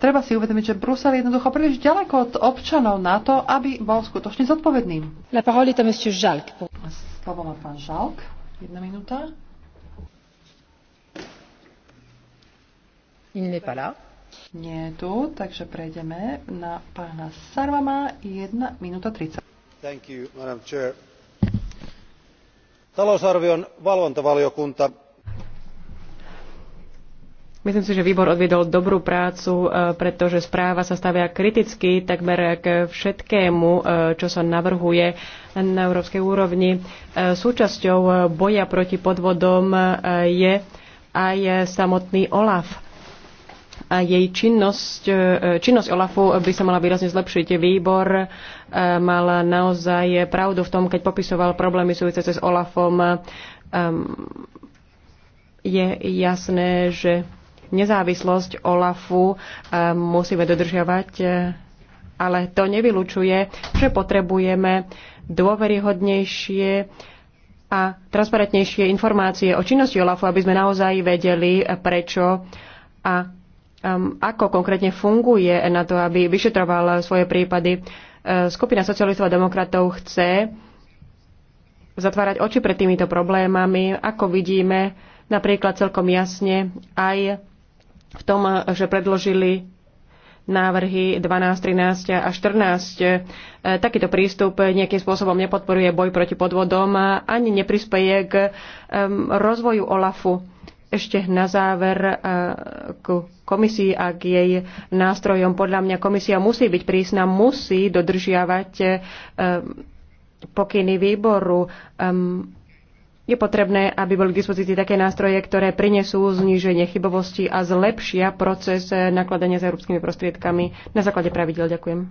treba si uvedomiť, že Brusel je jednoducho príliš ďaleko od občanov na to, aby bol skutočne zodpovedným. La parole est à monsieur Slovo má pán Žalk. Jedna minúta. Il n'est pas là. Nie je tu, takže prejdeme na pána Sarvama 1 minúta 30. Thank you, Madam Chair. Talousarvion valvontavaliokunta Myslím si, že výbor odviedol dobrú prácu, e, pretože správa sa stavia kriticky takmer k všetkému, e, čo sa navrhuje na európskej úrovni. E, súčasťou boja proti podvodom je aj samotný OLAF a jej činnosť, e, činnosť OLAFu by sa mala výrazne zlepšiť. Výbor e, mal naozaj pravdu v tom, keď popisoval problémy súvisiace s OLAFom. Ehm, je jasné, že nezávislosť OLAFu e, musíme dodržiavať, ale to nevylučuje, že potrebujeme dôveryhodnejšie a transparentnejšie informácie o činnosti OLAFu, aby sme naozaj vedeli, prečo a ako konkrétne funguje na to, aby vyšetroval svoje prípady. Skupina socialistov a demokratov chce zatvárať oči pred týmito problémami, ako vidíme napríklad celkom jasne aj v tom, že predložili návrhy 12, 13 a 14. Takýto prístup nejakým spôsobom nepodporuje boj proti podvodom a ani neprispeje k rozvoju OLAFu ešte na záver e, k komisii a k jej nástrojom. Podľa mňa komisia musí byť prísna, musí dodržiavať e, pokyny výboru. Je potrebné, aby boli k dispozícii také nástroje, ktoré prinesú zníženie chybovosti a zlepšia proces e, nakladania s európskymi prostriedkami na základe pravidel. Ďakujem.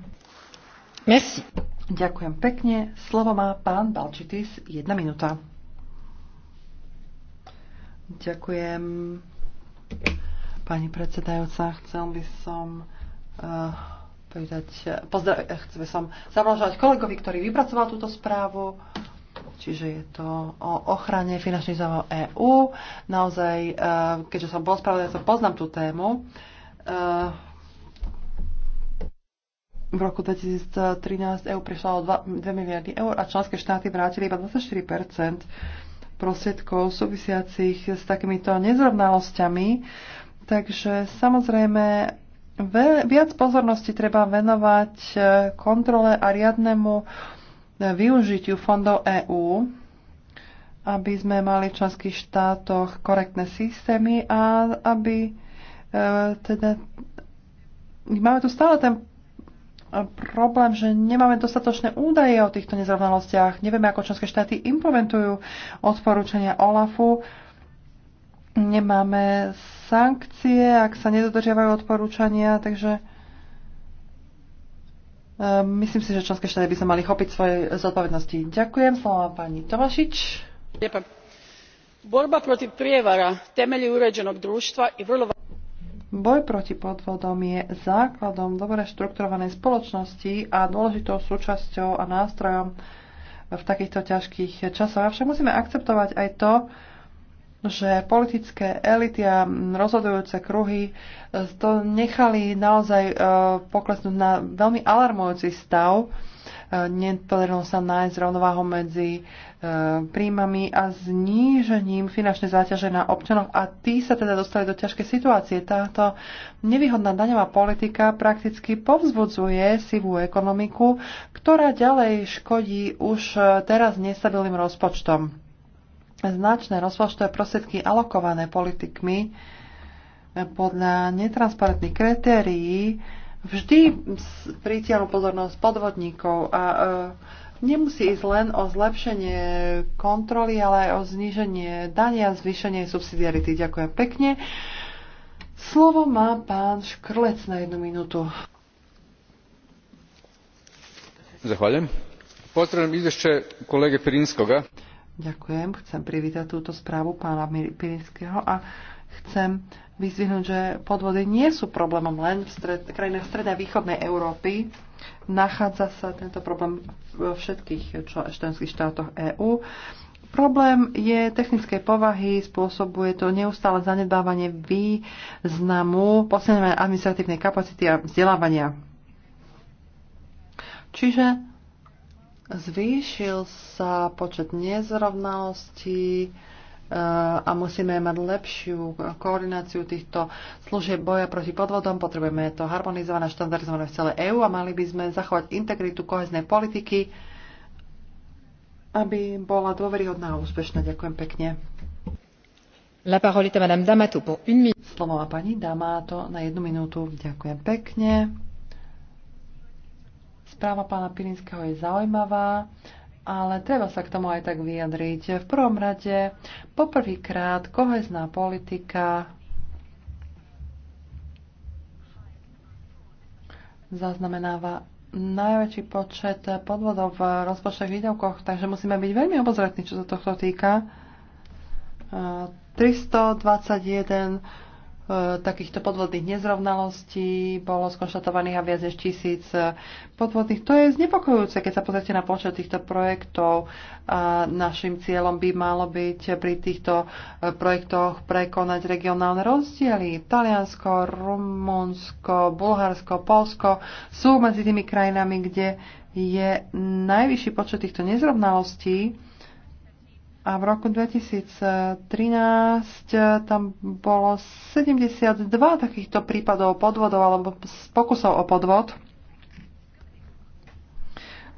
Merci. Ďakujem pekne. Slovo má pán Balčitis. Jedna minúta. Ďakujem. Pani predsedajúca, chcel by som uh, povedať, pozdra- eh, chcel by som kolegovi, ktorý vypracoval túto správu. Čiže je to o ochrane finančných záujmov EÚ. Naozaj, uh, keďže som bol ja poznám tú tému. Uh, v roku 2013 EU prišla o 2, 2 miliardy eur a členské štáty vrátili iba 24 prostriedkov súvisiacich s takýmito nezrovnalosťami. Takže samozrejme viac pozornosti treba venovať e, kontrole a riadnemu e, využitiu fondov EÚ, aby sme mali v členských štátoch korektné systémy a aby e, teda máme tu stále ten problém, že nemáme dostatočné údaje o týchto nezrovnalostiach. Nevieme, ako členské štáty implementujú odporúčania OLAFu. Nemáme sankcie, ak sa nedodržiavajú odporúčania, takže e, myslím si, že členské štáty by sa mali chopiť svoje zodpovednosti. Ďakujem, má pani Tomašič. Borba uređenog društva i vrlo Boj proti podvodom je základom dobre štrukturovanej spoločnosti a dôležitou súčasťou a nástrojom v takýchto ťažkých časoch. Avšak musíme akceptovať aj to, že politické elity a rozhodujúce kruhy to nechali naozaj e, poklesnúť na veľmi alarmujúci stav nepodarilo sa nájsť rovnováhu medzi e, príjmami a znížením finančnej záťaže na občanov a tí sa teda dostali do ťažkej situácie. Táto nevýhodná daňová politika prakticky povzbudzuje sivú ekonomiku, ktorá ďalej škodí už e, teraz nestabilným rozpočtom. Značné rozpočtové prostriedky alokované politikmi e, podľa netransparentných kritérií vždy pritiahnu pozornosť podvodníkov a e, nemusí ísť len o zlepšenie kontroly, ale aj o zníženie dania, zvýšenie subsidiarity. Ďakujem pekne. Slovo má pán Škrlec na jednu minútu. Zahvaľujem. Pozdravím izvješće kolege Pirinskoga. Ďakujem. Chcem privítať túto správu pána Pirinského a chcem vyzvihnúť, že podvody nie sú problémom len v stred, krajinách strednej a východnej Európy. Nachádza sa tento problém vo všetkých členských štátoch EÚ. Problém je technické povahy, spôsobuje to neustále zanedbávanie významu, posilňovanie administratívnej kapacity a vzdelávania. Čiže zvýšil sa počet nezrovnalostí, Eh, a musíme mať lepšiu koordináciu týchto služieb boja proti podvodom. Potrebujeme to harmonizované, štandardizované v celé EÚ a mali by sme zachovať integritu koheznej politiky, aby bola dôveryhodná a úspešná. Ďakujem pekne. La parole est à madame Damato pour une minute. Slovo má pani Damato na jednu minútu. Ďakujem pekne. Správa pána Pilinského je zaujímavá ale treba sa k tomu aj tak vyjadriť. V prvom rade, poprvýkrát kohezná politika zaznamenáva najväčší počet podvodov v rozpočtových výdavkoch, takže musíme byť veľmi obozretní, čo sa tohto týka. 321 takýchto podvodných nezrovnalostí bolo skonštatovaných a viac než tisíc podvodných. To je znepokojúce, keď sa pozrite na počet týchto projektov. A našim cieľom by malo byť pri týchto eh, projektoch prekonať regionálne rozdiely. Taliansko, Rumunsko, Bulharsko, Polsko sú medzi tými krajinami, kde je najvyšší počet týchto nezrovnalostí a v roku 2013 eh, tam bolo 72 takýchto prípadov podvodov alebo pokusov o podvod.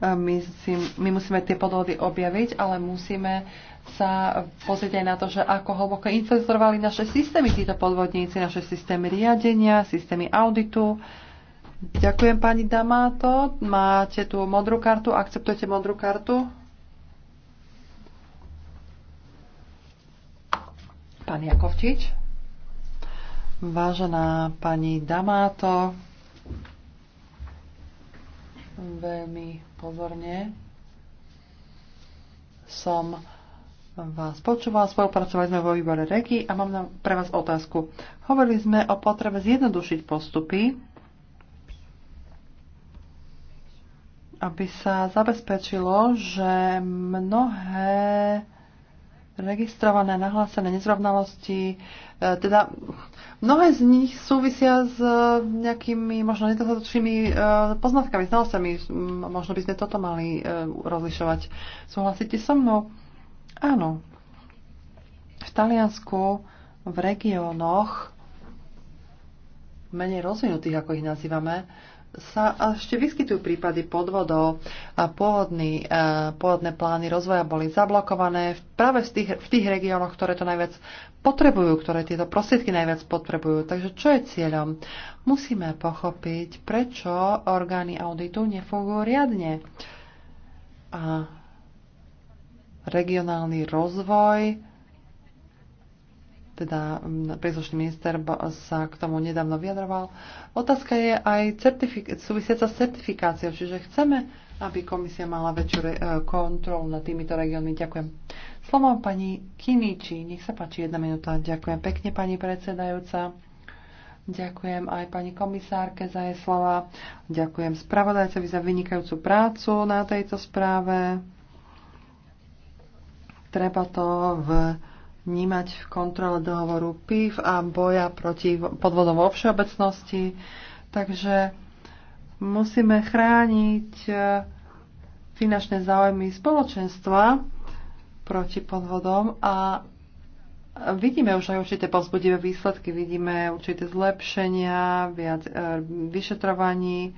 Eh, my, si, my musíme tie podvody objaviť, ale musíme sa pozrieť aj na to, že ako hlboko infiltrovali naše systémy títo podvodníci, naše systémy riadenia, systémy auditu. Ďakujem pani Damato. Máte tu modrú kartu. Akceptujete modrú kartu? Pán Jakovčič. Vážená pani Damáto, veľmi pozorne som vás počúval, spolupracovali sme vo výbore reky a mám pre vás otázku. Hovorili sme o potrebe zjednodušiť postupy, aby sa zabezpečilo, že mnohé registrované, nahlásené nezrovnalosti. E, teda mnohé z nich súvisia s e, nejakými možno nedostatočnými e, poznatkami, znalosťami. Možno by sme toto mali rozlišovať. Súhlasíte so mnou? Áno. V Taliansku v regiónoch menej rozvinutých, ako ich nazývame, sa ešte vyskytujú prípady podvodov a pôvodný, e, pôvodné plány rozvoja boli zablokované práve v tých, v tých regiónoch, ktoré to najviac potrebujú, ktoré tieto prostriedky najviac potrebujú. Takže čo je cieľom? Musíme pochopiť, prečo orgány auditu nefungujú riadne. A regionálny rozvoj teda príslušný minister sa k tomu nedávno vyjadroval. Otázka je aj certifik- súvisiaca s certifikáciou, čiže chceme, aby komisia mala väčšiu re- e, kontrolu nad týmito regiónmi. Ďakujem. Slovo pani Kiniči, nech sa páči jedna minúta. Ďakujem pekne, pani predsedajúca. Ďakujem aj pani komisárke za jej slova. Ďakujem spravodajcovi za vynikajúcu prácu na tejto správe. Treba to v vnímať v kontrole dohovoru PIV a boja proti podvodom vo všeobecnosti. Takže musíme chrániť e, finančné záujmy spoločenstva proti podvodom a vidíme už aj určité pozbudivé výsledky, vidíme určité zlepšenia, viac e, vyšetrovaní, e,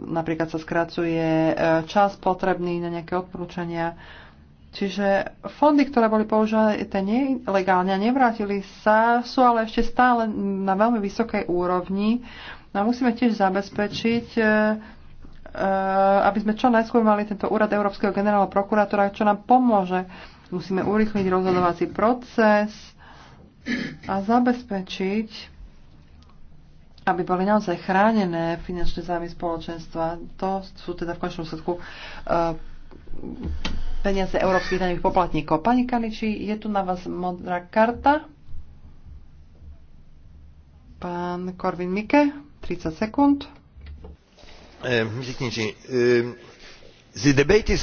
napríklad sa skracuje čas potrebný na nejaké odporúčania Čiže fondy, ktoré boli použité nelegálne a nevrátili sa, sú ale ešte stále na veľmi vysokej úrovni. No a musíme tiež zabezpečiť, e, e, aby sme čo najskôr mali tento úrad Európskeho generálneho prokurátora, čo nám pomôže. Musíme urychliť rozhodovací proces a zabezpečiť, aby boli naozaj chránené finančné zájmy spoločenstva. To sú teda v končnom sledku e, peniaze európskych daňových poplatníkov. Pani Kaniči, je tu na vás modrá karta. Pán Korvin Mike, 30 sekúnd. Eh, eh, eh,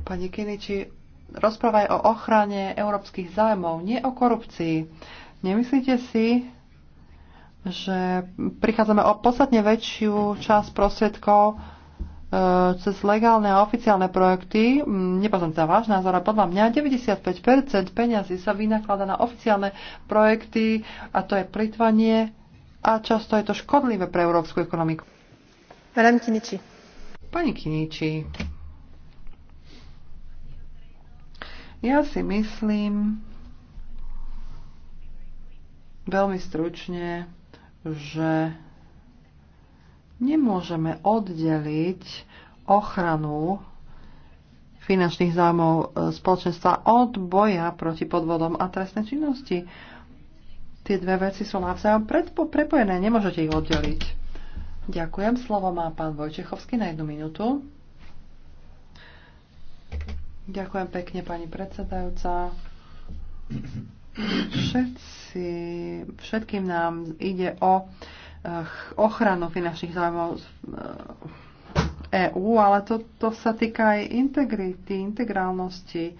Pani Kiniči, rozpráva je o ochrane európskych zájmov, nie o korupcii. Nemyslíte si, že prichádzame o podstatne väčšiu časť prostriedkov, Eh, cez legálne a oficiálne projekty, mm, nepoznám za váš názor, a podľa mňa 95% peňazí sa vynaklada na oficiálne projekty a to je plitvanie a často je to škodlivé pre európsku ekonomiku. Madame Kiniči. Pani Kiniči. Ja si myslím veľmi stručne, že Nemôžeme oddeliť ochranu finančných zájmov e, spoločenstva od boja proti podvodom a trestnej činnosti. Tie dve veci sú navzájom prepojené, nemôžete ich oddeliť. Ďakujem. Slovo má pán Vojčechovský na jednu minútu. Ďakujem pekne, pani predsedajúca. Všetci, všetkým nám ide o Eh, ochranu finančných záujmov eh, EÚ, ale to, to sa týka aj integrity, integrálnosti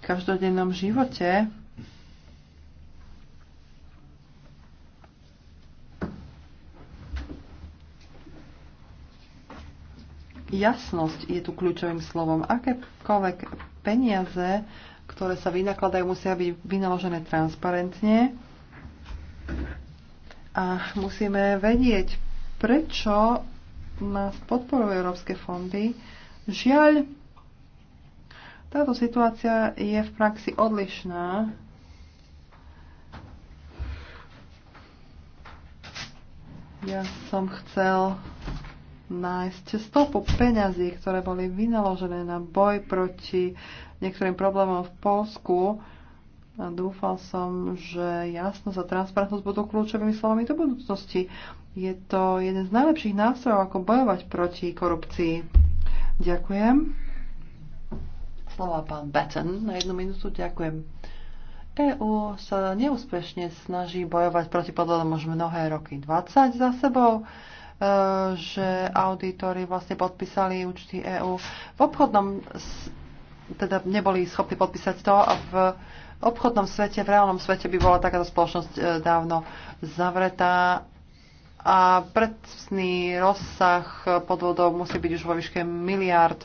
v každodennom živote. Jasnosť je tu kľúčovým slovom. Akékoľvek peniaze, ktoré sa vynakladajú, musia byť vynaložené transparentne a musíme vedieť, prečo nás podporujú európske fondy. Žiaľ, táto situácia je v praxi odlišná. Ja som chcel nájsť stopu peňazí, ktoré boli vynaložené na boj proti niektorým problémom v Polsku a dúfal som, že jasnosť a transparentnosť budú kľúčovými slovami do budúcnosti. Je to jeden z najlepších nástrojov, ako bojovať proti korupcii. Ďakujem. Slova pán Batten na jednu minútu. Ďakujem. EÚ sa neúspešne snaží bojovať proti podvodom už mnohé roky. 20 za sebou e, že auditory vlastne podpísali účty EÚ. V obchodnom teda neboli schopní podpísať to a v obchodnom svete, v reálnom svete by bola takáto spoločnosť e, dávno zavretá a predsný rozsah podvodov musí byť už vo výške miliard.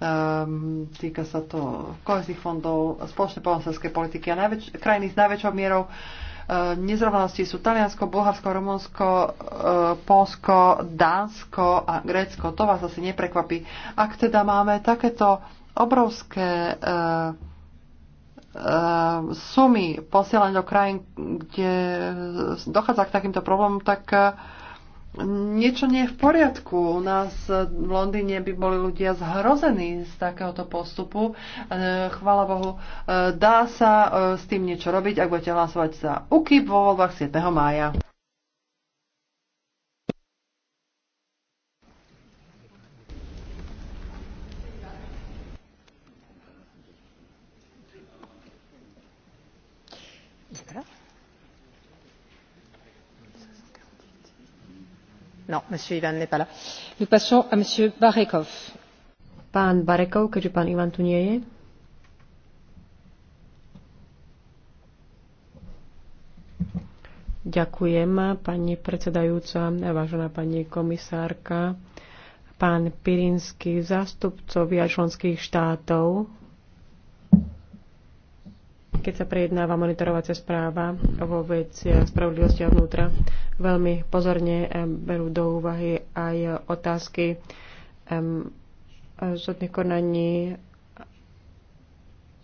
Um, týka sa to kohezných fondov, spoločnej polnospodárskej politiky a najväč- krajiny s najväčšou mierou uh, nezrovnalosti sú Taliansko, Bulharsko, Rumunsko, uh, Polsko, Dánsko a Grécko. To vás asi neprekvapí. Ak teda máme takéto obrovské uh, Ehm, sumy posielané do krajín, kde dochádza k takýmto problémom, tak e, niečo nie je v poriadku. U nás v Londýne by boli ľudia zhrození z takéhoto postupu. E, Chvala Bohu, e, dá sa s tým niečo robiť, ak budete hlasovať za UKIP vo voľbách 7. mája. No, Ivan n'est Pán Barekov, keďže pán Ivan tu nie je. Ďakujem, pani predsedajúca, vážená pani komisárka, pán Pirinsky, zástupcovia členských štátov keď sa prejednáva monitorovacia správa vo veci spravodlivosti a vnútra, veľmi pozorne eh, berú do úvahy aj otázky súdnych konaní.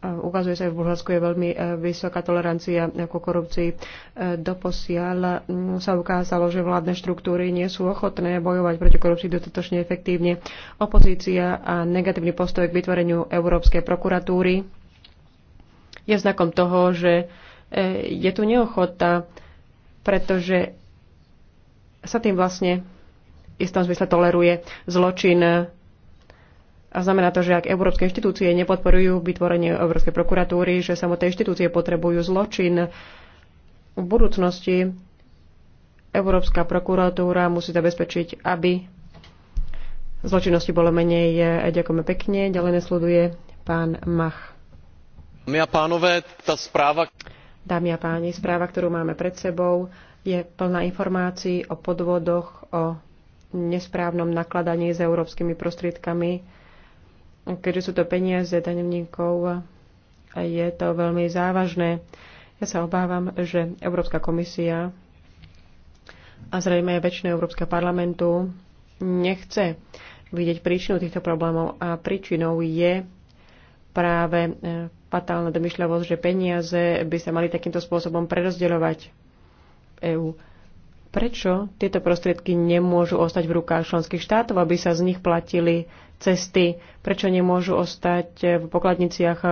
Ukazuje sa, že v Bulharsku je veľmi eh, vysoká tolerancia ku korupcii. Eh, doposiaľ mm, sa ukázalo, že vládne štruktúry nie sú ochotné bojovať proti korupcii dostatočne efektívne. Opozícia a negatívny postoj k vytvoreniu Európskej prokuratúry je znakom toho, že e, je tu neochota, pretože sa tým vlastne v istom zmysle toleruje zločin a znamená to, že ak európske inštitúcie nepodporujú vytvorenie Európskej prokuratúry, že samotné inštitúcie potrebujú zločin, v budúcnosti Európska prokuratúra musí zabezpečiť, aby zločinnosti bolo menej. Ďakujeme pekne. Ďalej nesleduje pán Mach. Dámy a páni, správa, ktorú máme pred sebou, je plná informácií o podvodoch, o nesprávnom nakladaní s európskymi prostriedkami. Keďže sú to peniaze daňovníkov, je to veľmi závažné. Ja sa obávam, že Európska komisia a zrejme aj väčšina Európskeho parlamentu nechce vidieť príčinu týchto problémov a príčinou je práve eh, fatálna domyšľavosť, že peniaze by sa mali takýmto spôsobom prerozdeľovať v EÚ. Prečo tieto prostriedky nemôžu ostať v rukách členských štátov, aby sa z nich platili cesty? Prečo nemôžu ostať v pokladniciach e,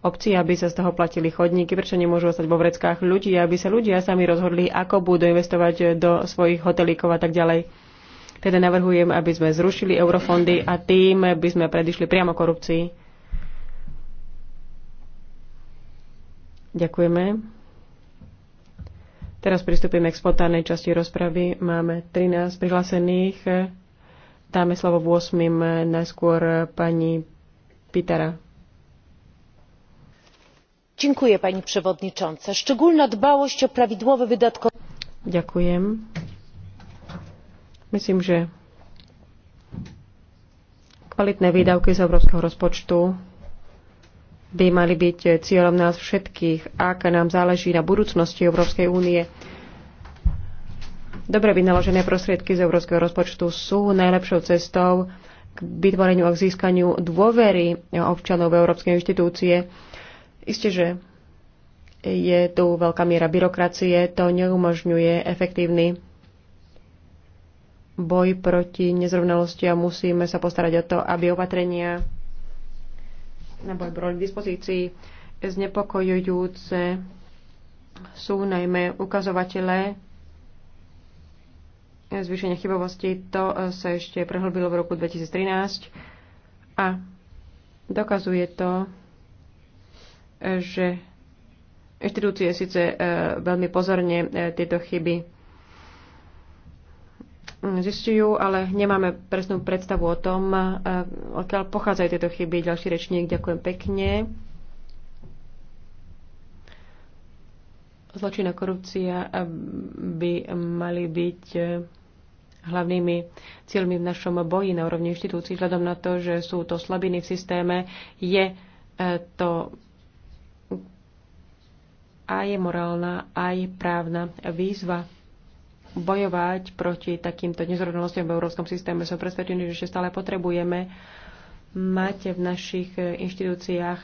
obcí, aby sa z toho platili chodníky? Prečo nemôžu ostať vo vreckách ľudí, aby sa ľudia sami rozhodli, ako budú investovať e, do svojich hotelíkov a tak ďalej? Teda navrhujem, aby sme zrušili eurofondy a tým by sme predišli priamo korupcii. Ďakujeme. Teraz pristúpime k spontánnej časti rozpravy. Máme 13 prihlásených. Dáme slovo v 8. najskôr pani Pitara. Dziękuję pani przewodnicząca. Szczególna dbałość o prawidłowe wydatkowanie. Dziękuję. Myślę, że kwalitne wydatki z europejskiego rozpocztu by mali byť cieľom nás všetkých, ak nám záleží na budúcnosti Európskej únie. Dobre vynaložené prostriedky z európskeho rozpočtu sú najlepšou cestou k vytvoreniu a k získaniu dôvery občanov v európske inštitúcie. Isté, že je tu veľká miera byrokracie, to neumožňuje efektívny boj proti nezrovnalosti a musíme sa postarať o to, aby opatrenia na boli k dispozícii. Znepokojujúce sú najmä ukazovatele zvýšenia chybovosti. To e, sa ešte prehlbilo v roku 2013 a dokazuje to, e, že inštitúcie síce e, veľmi pozorne tieto chyby zistujú, ale nemáme presnú predstavu o tom, e, odkiaľ pochádzajú tieto chyby. Ďalší rečník, ďakujem pekne. Zločina korupcia e, by mali byť e, hlavnými cieľmi v našom boji na úrovni inštitúcií, vzhľadom na to, že sú to slabiny v systéme, je to aj morálna, aj právna výzva bojovať proti takýmto nezrovnalostiam v európskom systéme. Som presvedčený, že ešte stále potrebujeme mať v našich inštitúciách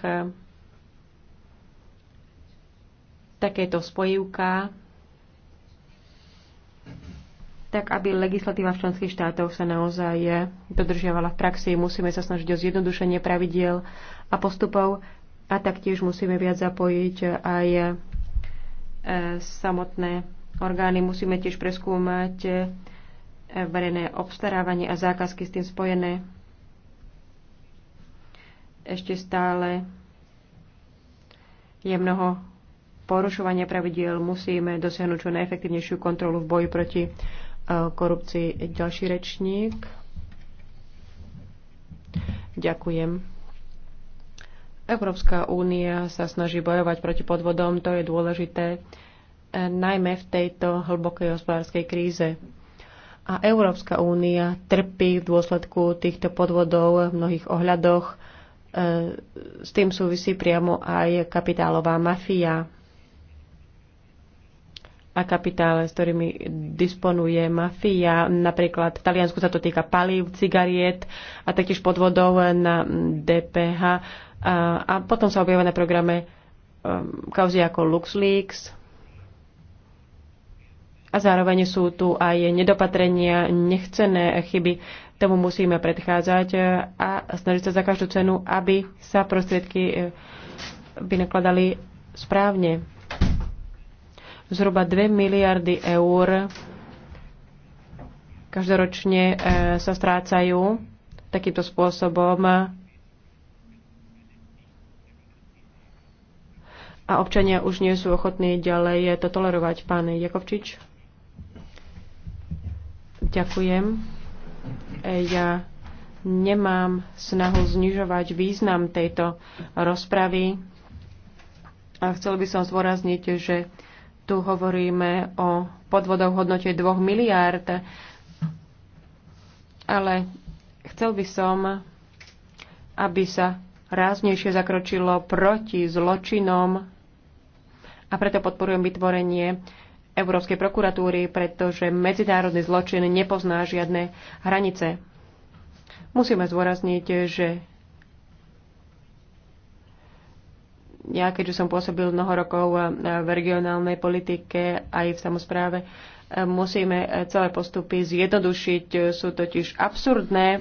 takéto spojivka, tak aby legislatíva v členských štátoch sa naozaj dodržiavala v praxi. Musíme sa snažiť o zjednodušenie pravidiel a postupov a taktiež musíme viac zapojiť aj e, samotné orgány. Musíme tiež preskúmať e, verejné obstarávanie a zákazky s tým spojené. Ešte stále je mnoho porušovania pravidiel. Musíme dosiahnuť čo najefektívnejšiu kontrolu v boji proti e, korupcii. Ďalší rečník. Ďakujem. Európska únia sa snaží bojovať proti podvodom, to je dôležité. E, najmä v tejto hlbokej hospodárskej kríze. A Európska únia trpí v dôsledku týchto podvodov v mnohých ohľadoch. E, s tým súvisí priamo aj kapitálová mafia a kapitále, s ktorými disponuje mafia. Napríklad v Taliansku sa to týka palív, cigariet a taktiež podvodov na DPH. A, potom sa objavia na programe um, kauzy ako LuxLeaks, a zároveň sú tu aj nedopatrenia, nechcené chyby. Tomu musíme predchádzať a snažiť sa za každú cenu, aby sa prostriedky e, vynakladali správne. Zhruba 2 miliardy eur každoročne e, sa strácajú takýmto spôsobom a občania už nie sú ochotní ďalej to tolerovať. Pán Jakovčič. Ďakujem. E, ja nemám snahu znižovať význam tejto rozpravy. A chcel by som zdôrazniť, že tu hovoríme o podvodoch v hodnote 2 miliárd, ale chcel by som, aby sa ráznejšie zakročilo proti zločinom a preto podporujem vytvorenie Európskej prokuratúry, pretože medzinárodný zločin nepozná žiadne hranice. Musíme zdôrazniť, že ja, keďže som pôsobil mnoho rokov v regionálnej politike aj v samozpráve, musíme celé postupy zjednodušiť. Sú totiž absurdné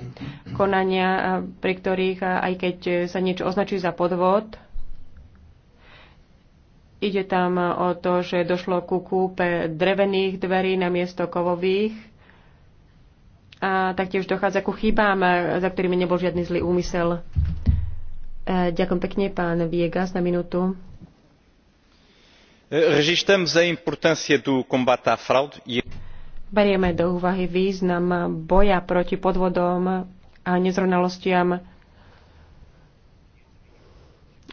konania, pri ktorých aj keď sa niečo označí za podvod, Ide tam o to, že došlo ku kúpe drevených dverí na miesto kovových a taktiež dochádza ku chybám, za ktorými nebol žiadny zlý úmysel. E, ďakujem pekne, pán Viegas, na minútu. Registramos berieme do úvahy význam boja proti podvodom a nezrovnalostiam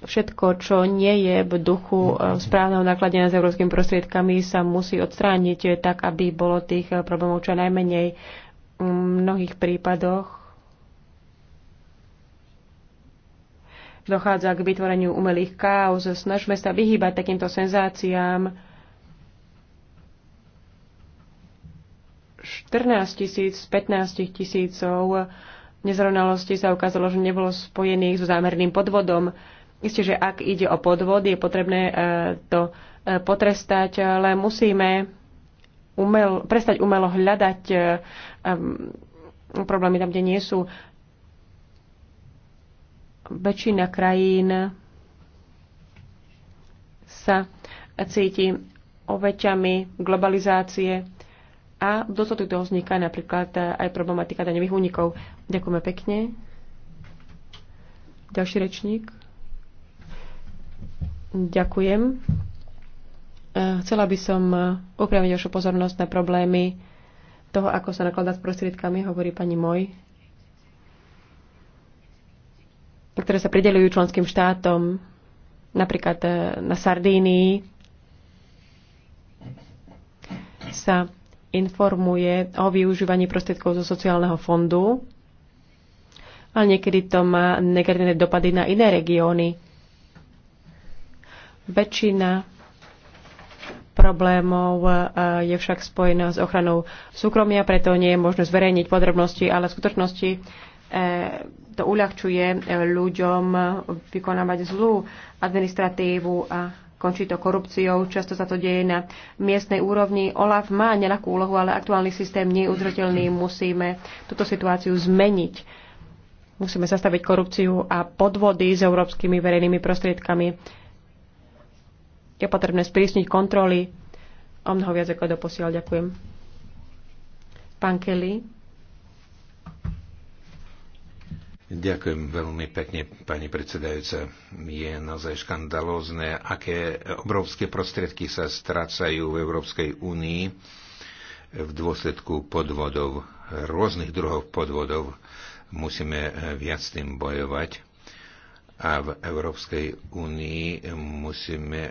všetko, čo nie je v duchu e, správneho nakladenia s európskymi prostriedkami, sa musí odstrániť tak, aby bolo tých e, problémov čo najmenej v mnohých prípadoch. Dochádza k vytvoreniu umelých káuz. Snažme sa vyhýbať takýmto senzáciám. 14 tisíc, 15 tisícov nezrovnalostí sa ukázalo, že nebolo spojených so zámerným podvodom Isté, že ak ide o podvod, je potrebné e, to e, potrestať, ale musíme umel, prestať umelo hľadať e, problémy tam, kde nie sú. Väčšina krajín sa cíti oveťami globalizácie a v dôsledku toho vzniká napríklad aj problematika daňových únikov. Ďakujeme pekne. Ďalší rečník. Ďakujem. E, chcela by som e, upriamiť vašu pozornosť na problémy toho, ako sa nakladá s prostriedkami, hovorí pani Moj, ktoré sa pridelujú členským štátom, napríklad e, na Sardínii, sa informuje o využívaní prostriedkov zo sociálneho fondu, ale niekedy to má negatívne dopady na iné regióny Väčšina problémov e, je však spojená s ochranou súkromia, preto nie je možné zverejniť podrobnosti, ale v skutočnosti e, to uľahčuje e, ľuďom vykonávať zlú administratívu a končí to korupciou. Často sa to deje na miestnej úrovni. OLAF má nejakú úlohu, ale aktuálny systém nie je udržateľný. Musíme túto situáciu zmeniť. Musíme zastaviť korupciu a podvody s európskymi verejnými prostriedkami. Je potrebné sprísniť kontroly o mnoho viac ako doposiaľ. Ďakujem. Pán Kelly. Ďakujem veľmi pekne, pani predsedajúca. Je naozaj škandalózne, aké obrovské prostriedky sa strácajú v Európskej únii v dôsledku podvodov, rôznych druhov podvodov. Musíme viac s tým bojovať a v Európskej únii musíme e,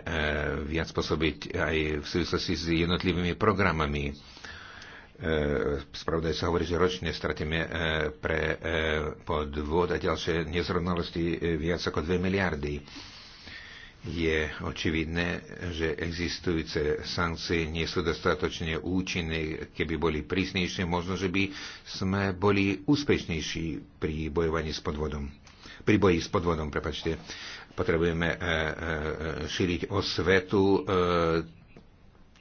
viac pôsobiť aj v súvislosti s jednotlivými programami. E, Spravda sa hovorí, že ročne stratíme e, pre podvod a ďalšie nezrovnalosti viac ako 2 miliardy. Je očividné, že existujúce sankcie nie sú dostatočne účinné. Keby boli prísnejšie, možno, že by sme boli úspešnejší pri bojovaní s podvodom pri boji s podvodom, prepačte. Potrebujeme e, e, e, šíriť o svetu,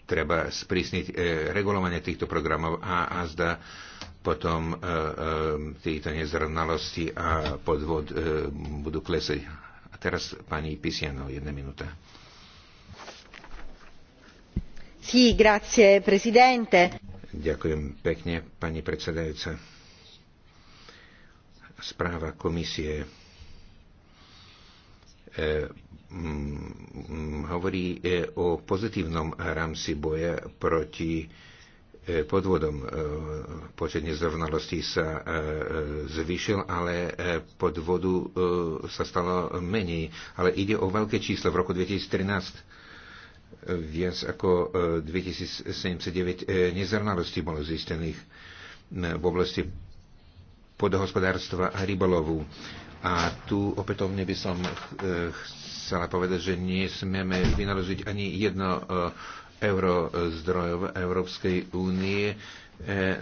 treba sprísniť regulovanie týchto programov a, potom e, potom tieto nezrovnalosti a podvod budú klesať. A teraz pani Pisiano, jedna minúta. Sí, grazie, presidente. Ďakujem pekne, pani predsedajúca. Správa komisie Eh, mm, hovorí eh, o pozitívnom rámci boja proti eh, podvodom. Počet nezrovnalostí sa zvyšil, ale podvodu sa stalo menej. Ale ide o veľké číslo. V roku 2013 viac ako 2079 nezrovnalostí bolo zistených v oblasti podhospodárstva a rybolovu a tu opätovne by som eh, chcela povedať, že nesmieme vynaložiť ani jedno eh, euro zdrojov Európskej únie eh,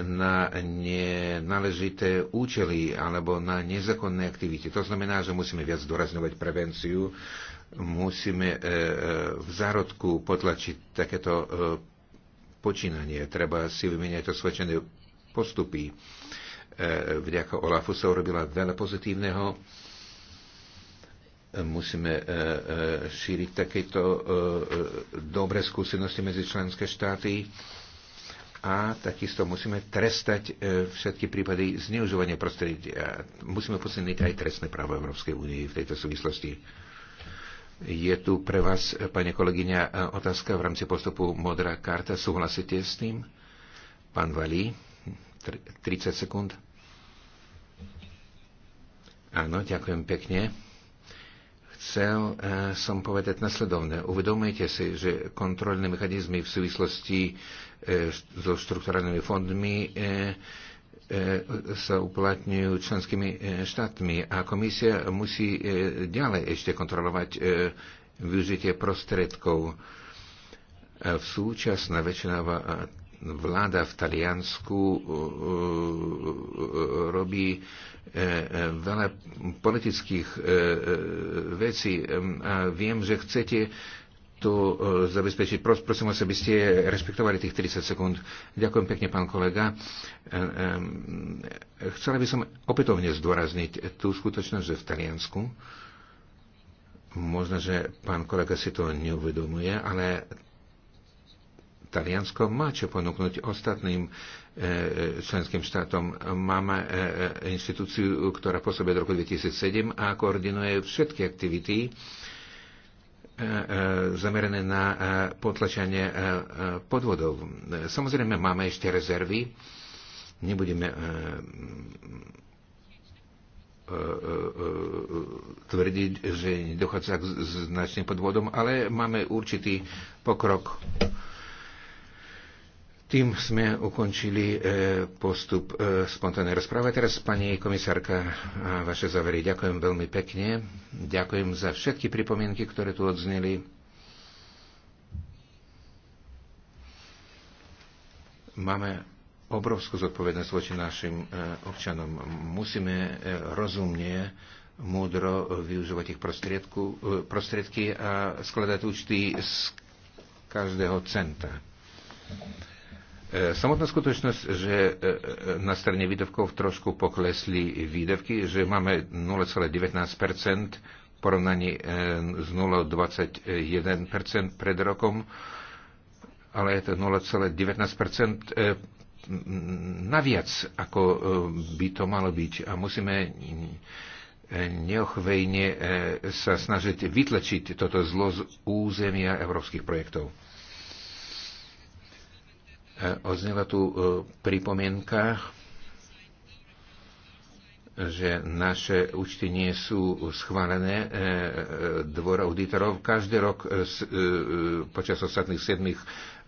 na nenáležité účely alebo na nezákonné aktivity. To znamená, že musíme viac zdôrazňovať prevenciu, musíme v zárodku potlačiť takéto počínanie, treba si vymeniať osvedčené postupy E, vďaka Olafu sa urobila veľa pozitívneho. Musíme e, e, šíriť takéto dobré skúsenosti medzi členské štáty a takisto musíme trestať všetky prípady zneužívania prostredia. Musíme posilniť aj trestné právo Európskej únie v tejto súvislosti. Je tu pre vás, pani kolegyňa, otázka v rámci postupu Modrá karta. Súhlasíte s tým? Pán Valí, 30 sekúnd. Áno, ďakujem pekne. Chcel eh, som povedať nasledovne. Uvedomujete si, že kontrolné mechanizmy v súvislosti eh, so štrukturálnymi fondmi eh, sa uplatňujú členskými štátmi a komisia musí ďalej ešte kontrolovať využitie prostriedkov. V súčasná väčšina vláda v Taliansku e, e, robí e, veľa politických vecí a viem, že chcete to zabezpečiť. Prosím vás, aby ste respektovali tých 30 sekúnd. Ďakujem pekne, pán kolega. Chcela by som opätovne zdôrazniť tú skutočnosť, že v Taliansku možno, že pán kolega si to neuvedomuje, ale Taliansko má čo ponúknuť ostatným e, e, členským štátom. Máme e, inštitúciu, ktorá pôsobí od roku 2007 a koordinuje všetky aktivity zamerané na potlačanie podvodov. Samozrejme, máme ešte rezervy. Nebudeme tvrdiť, že dochádza k značným podvodom, ale máme určitý pokrok. Tým sme ukončili e, postup e, spontánnej rozprávy. Teraz, pani komisárka, e, vaše závery ďakujem veľmi pekne. Ďakujem za všetky pripomienky, ktoré tu odzneli. Máme obrovskú zodpovednosť voči našim občanom. Musíme rozumne múdro využívať ich prostriedky a skladať účty z každého centa. E, samotná skutočnosť, že e, e, na strane výdavkov trošku poklesli výdavky, že máme 0,19 v porovnaní s 0,21 pred rokom, ale je to 0,19 naviac, ako by to malo byť. A musíme neochvejne sa snažiť vytlačiť toto zlo z územia európskych projektov. E, Oznela tu e, pripomienka, že naše účty nie sú schválené e, dvor auditorov. Každý rok počas ostatných 7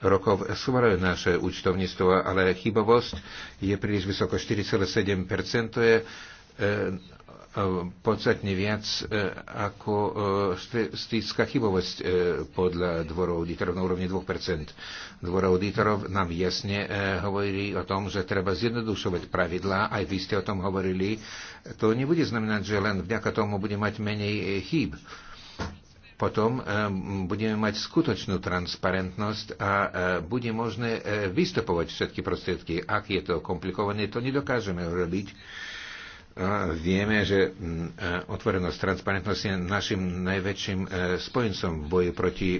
rokov schváluje naše účtovníctvo, ale chybovosť je príliš vysoko 4,7%. To je E, podstatne viac e, ako e, stýcka chybovosť podľa dvorov auditorov na úrovni 2%. Dvor auditorov nám jasne hovorí o tom, že treba zjednodušovať pravidlá, aj vy ste o tom hovorili. To nebude znamenať, že len vďaka tomu bude mať menej chýb. Potom budeme mať skutočnú transparentnosť a bude možné vystupovať všetky prostriedky. Ak je to komplikované, to nedokážeme urobiť vieme, že mm, otvorenosť, transparentnosť je našim najväčším e, spojencom v boji proti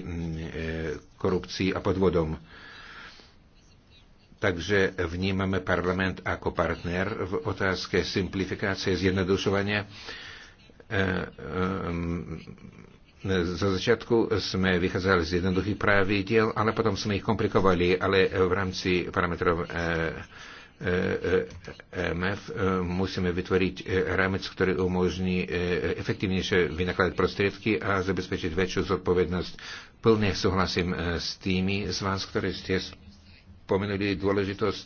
mm, e, korupcii a podvodom. Takže vnímame parlament ako partner v otázke simplifikácie, zjednodušovania. E, Za začiatku sme vychádzali z jednoduchých pravidiel, ale potom sme ich komplikovali, ale v rámci parametrov EMF e, e e, musíme vytvoriť rámec, ktorý umožní efektívnejšie vynakladať prostriedky a zabezpečiť väčšiu zodpovednosť. Plne súhlasím s tými z vás, ktorí ste spomenuli dôležitosť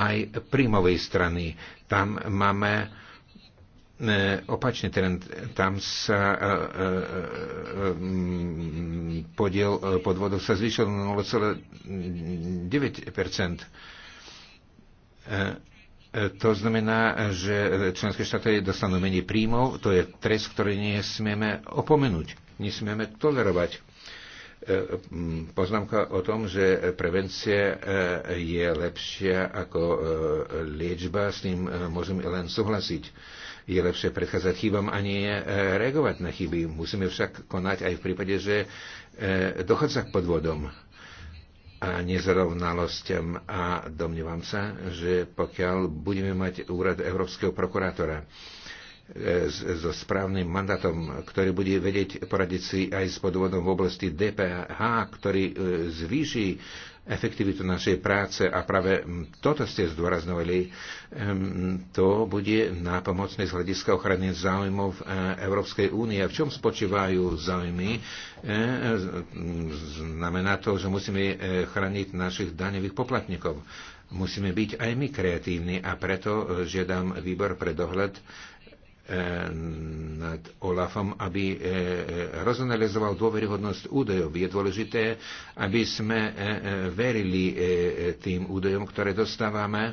aj príjmovej strany. Tam máme opačný trend. Tam sa podiel podvodov sa zvýšil 0,9 E, e, to znamená, že členské štáty dostanú menej príjmov, to je trest, ktorý nesmieme opomenúť, nesmieme tolerovať. E, poznámka o tom, že prevencia je lepšia ako liečba, s tým môžeme len súhlasiť. Je lepšie predchádzať chybám a nie reagovať na chyby. Musíme však konať aj v prípade, že dochádza k podvodom a nezrovnalostiam a domnívam sa, že pokiaľ budeme mať úrad Európskeho prokurátora e, so správnym mandátom, ktorý bude vedieť poradiť si aj s podvodom v oblasti DPH, ktorý e, zvýši efektivitu našej práce a práve toto ste zdôraznovali, to bude na pomocné z hľadiska ochrany záujmov e, Európskej únie. V čom spočívajú záujmy? E, znamená to, že musíme e, chrániť našich daňových poplatníkov. Musíme byť aj my kreatívni a preto žiadam výbor pre dohľad E, nad OLAFom, aby e, e, rozanalizoval dôveryhodnosť údajov. Je dôležité, aby sme verili tým údajom, ktoré dostávame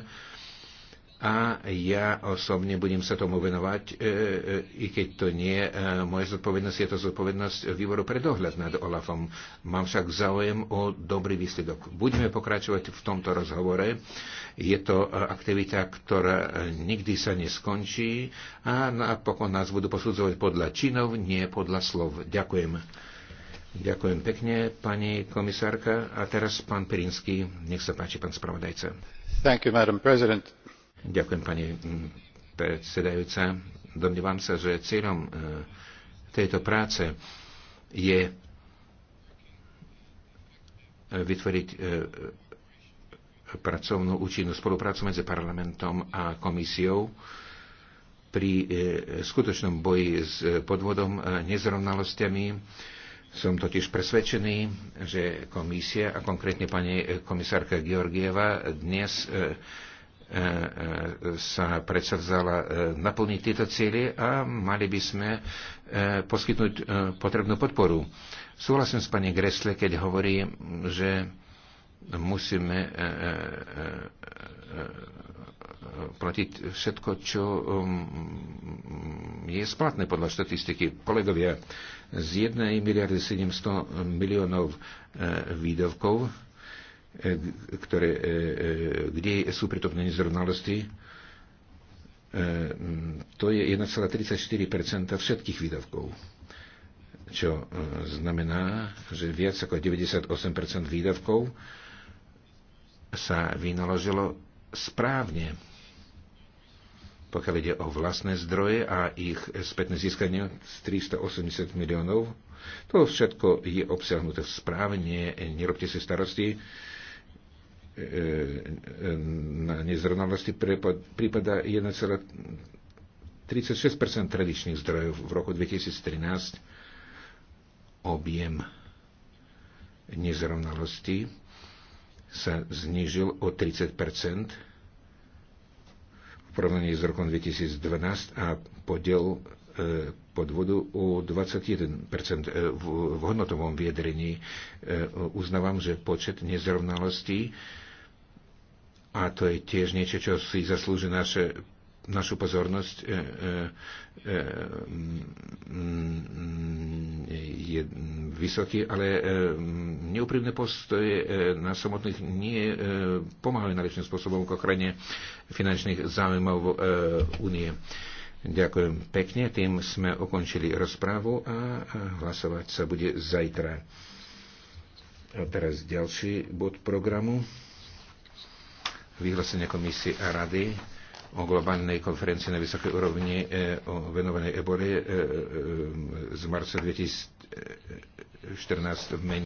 a ja osobne budem sa tomu venovať, e, e, i keď to nie je moja zodpovednosť, je to zodpovednosť výboru pre dohľad nad Olafom. Mám však záujem o dobrý výsledok. Budeme pokračovať v tomto rozhovore. Je to e, aktivita, ktorá nikdy sa neskončí a napokon nás budú posudzovať podľa činov, nie podľa slov. Ďakujem. Ďakujem pekne, pani komisárka. A teraz pán Pirinsky. Nech sa páči, pán spravodajca. Thank you, Madam President. Ďakujem, pani mm, predsedajúca. Domnievam sa, že cieľom e, tejto práce je e, vytvoriť e, pracovnú účinnú spoluprácu medzi parlamentom a komisiou pri skutočnom boji s podvodom, nezrovnalostiami. Som totiž presvedčený, že komisia a konkrétne pani komisárka Georgieva dnes E, e, sa vzala e, naplniť tieto cieľe a mali by sme poskytnúť potrebnú podporu. Súhlasím s pani Gresle, keď hovorí, že musíme platiť všetko, čo mm, je splatné podľa štatistiky. Kolegovia, z 1 miliardy 700 miliónov výdavkov E, ktoré, e, e, kde sú pritopné nezrovnalosti, to je 1,34 všetkých výdavkov čo znamená, že viac ako 98% výdavkov sa vynaložilo správne, pokiaľ ide o vlastné zdroje a ich spätné získanie z 380 miliónov. To všetko je obsiahnuté v správe, nie, nerobte si starosti E, e, na nezrovnalosti prípada 1,36 tradičných zdrojov v roku 2013. Objem nezrovnalosti sa znížil o 30 v porovnaní s rokom 2012 a podiel e, podvodu o 21 v hodnotovom viedrení. Uznávam, že počet nezrovnalostí a to je tiež niečo, čo si zaslúži naše, našu pozornosť. E, e, e, mm, je vysoký, ale e, neúprimné postoje e, na samotných nie e, pomáhajú najlepším spôsobom k ochrane finančných záujmov e, únie. Ďakujem pekne, tým sme ukončili rozprávu a hlasovať sa bude zajtra. A teraz ďalší bod programu vyhlásenia komisie a rady o globálnej konferencii na vysokej úrovni e, o venovanej ebole e, e, z marca 2014 v Meni.